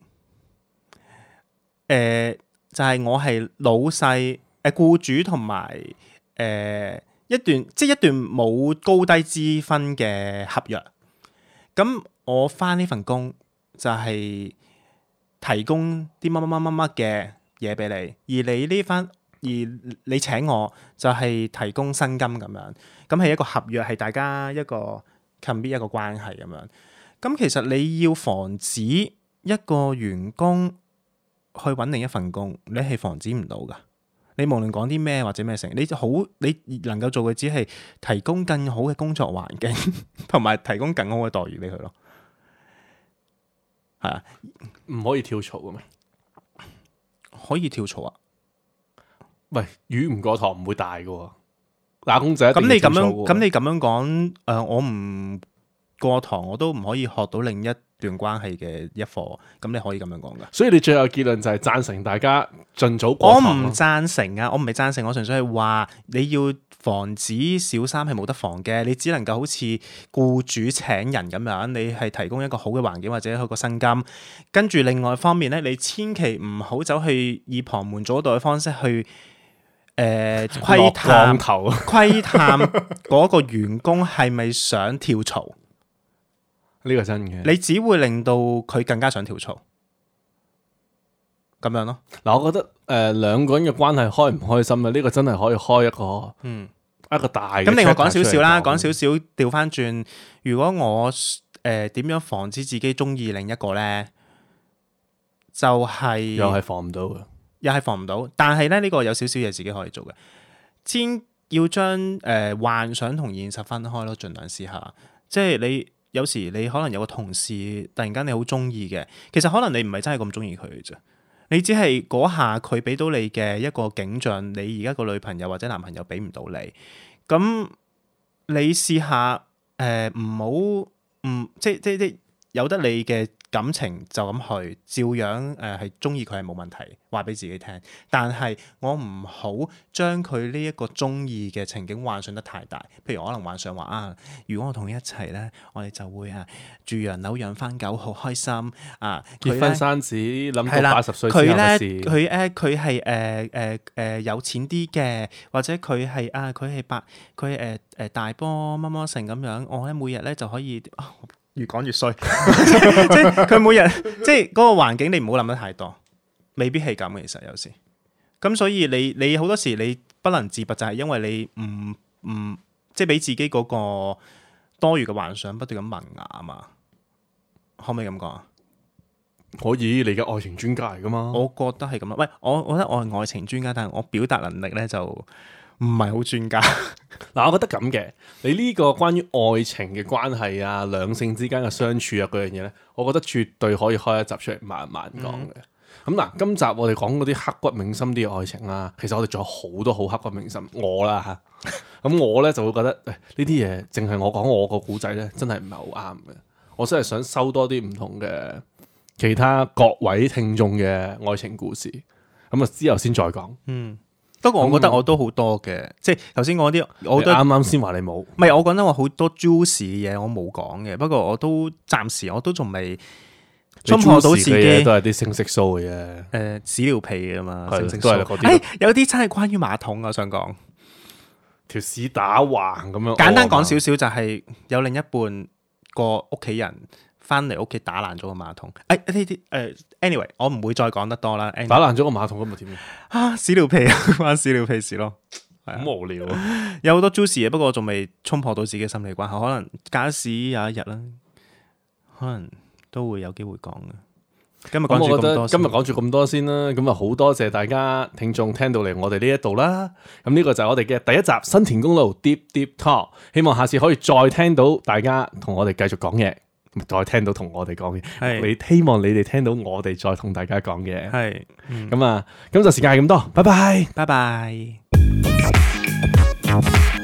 呃、就係、是、我係老細、誒、呃、僱主同埋誒一段，即、就、係、是、一段冇高低之分嘅合約。咁我返呢份工就係提供啲乜乜乜乜嘅嘢俾你，而你呢返而你請我就係提供薪金咁樣，咁係一個合約，係大家一個建立一個關係咁樣，咁其實你要防止一個員工去揾另一份工，你係防止唔到噶。你無論講啲咩或者咩成，你好，你能夠做嘅只係提供更好嘅工作環境，同 埋提供更好嘅待遇俾佢咯。係啊，唔可以跳槽嘅咩？可以跳槽啊？喂，魚唔過塘，唔會大嘅喎。打工仔咁你咁樣，咁你咁樣講？誒、呃，我唔過堂，我都唔可以學到另一段關係嘅一課。咁你可以咁樣講噶？所以你最後結論就係贊成大家盡早過堂。我唔贊成啊！我唔係贊成，我純粹係話你要防止小三係冇得防嘅，你只能夠好似僱主請人咁樣，你係提供一個好嘅環境或者一個薪金。跟住另外一方面咧，你千祈唔好走去以旁門左道嘅方式去。誒，窺、呃、探、窺降頭 探嗰個員工係咪想跳槽？呢個真嘅，你只會令到佢更加想跳槽，咁樣咯。嗱、呃，我覺得誒，兩、呃、個人嘅關係開唔開心啊？呢、這個真係可以開一個，嗯，一個大、嗯。咁，另外講少少啦，講少少，調翻轉。如果我誒點、呃、樣防止自己中意另一個咧，就係、是、又係防唔到嘅。又係防唔到，但係咧呢、這個有少少嘢自己可以做嘅，先要將誒、呃、幻想同現實分開咯，盡量試下。即係你有時你可能有個同事，突然間你好中意嘅，其實可能你唔係真係咁中意佢啫，你只係嗰下佢俾到你嘅一個景象，你而家個女朋友或者男朋友俾唔到你，咁你試下誒唔好唔即即即有得你嘅。感情就咁去，照樣誒係中意佢係冇問題，話俾自己聽。但係我唔好將佢呢一個中意嘅情景幻想得太大。譬如我可能幻想話啊、哎，如果我同佢一齊咧，我哋就會啊住洋樓養翻狗，好開心啊！結婚生子，諗起啦，八十歲之後嘅事。佢咧，佢係誒誒誒有錢啲嘅，或者佢係啊，佢係百，佢誒誒大波乜乜成咁樣。我咧每日咧就可以。呃越講越衰 即係佢每日，即係嗰個環境，你唔好諗得太多，未必係咁。其實有時。咁所以你你好多時你不能自拔就係因為你唔唔，即係俾自己嗰個多餘嘅幻想不斷咁萌芽啊嘛？可唔可以咁講啊？可以，你嘅愛情專家嚟噶嘛我？我覺得係咁咯，喂，我我覺得我係愛情專家，但係我表達能力咧就。唔係好專家嗱、 啊，我覺得咁嘅，你呢個關於愛情嘅關係啊，兩性之間嘅相處啊，嗰樣嘢呢，我覺得絕對可以開一集出嚟慢慢講嘅。咁嗱、嗯啊，今集我哋講嗰啲刻骨銘心啲嘅愛情啦、啊，其實我哋仲有好多好刻骨銘心我啦吓，咁、 啊、我呢就會覺得誒呢啲嘢淨係我講我個古仔呢，真係唔係好啱嘅。我真係想收多啲唔同嘅其他各位聽眾嘅愛情故事，咁啊之後先再講。嗯。不過我覺得我都好多嘅，嗯、即係頭先講啲，我都啱啱先話你冇。唔係，我覺得我好多 juice 嘅嘢，我冇講嘅。不過我都暫時我都仲未，沖破到自己都係啲性色素嘅嘢。誒、呃、屎尿屁啊嘛，對性色都係啲、欸。有啲真係關於馬桶啊，我想講條屎打橫咁樣。簡單講少少就係、是、 有另一半個屋企人。翻嚟屋企打爛咗個馬桶，誒呢啲誒，anyway 我唔會再講得多啦。Anyway, 打爛咗個馬桶咁咪點啊？屎尿屁，屎屁，屎屁，屎屁啊，關屎尿屁事咯，好無聊。有好多 juicy 嘢，不過仲未沖破到自己嘅心理關口，可能假使有一日啦，可能都會有機會講嘅。今日講、嗯、我覺得今日講住咁多先啦，咁啊好多謝大家聽眾聽到嚟我哋呢一度啦，咁呢個就係我哋嘅第一集新田公路 deep deep talk，希望下次可以再聽到大家同我哋繼續講嘢。再聽到同我哋講嘅，你是的 希望你哋聽到我哋再同大家講嘅，係咁、嗯、啊！咁就時間係咁多，拜拜，拜拜。拜拜。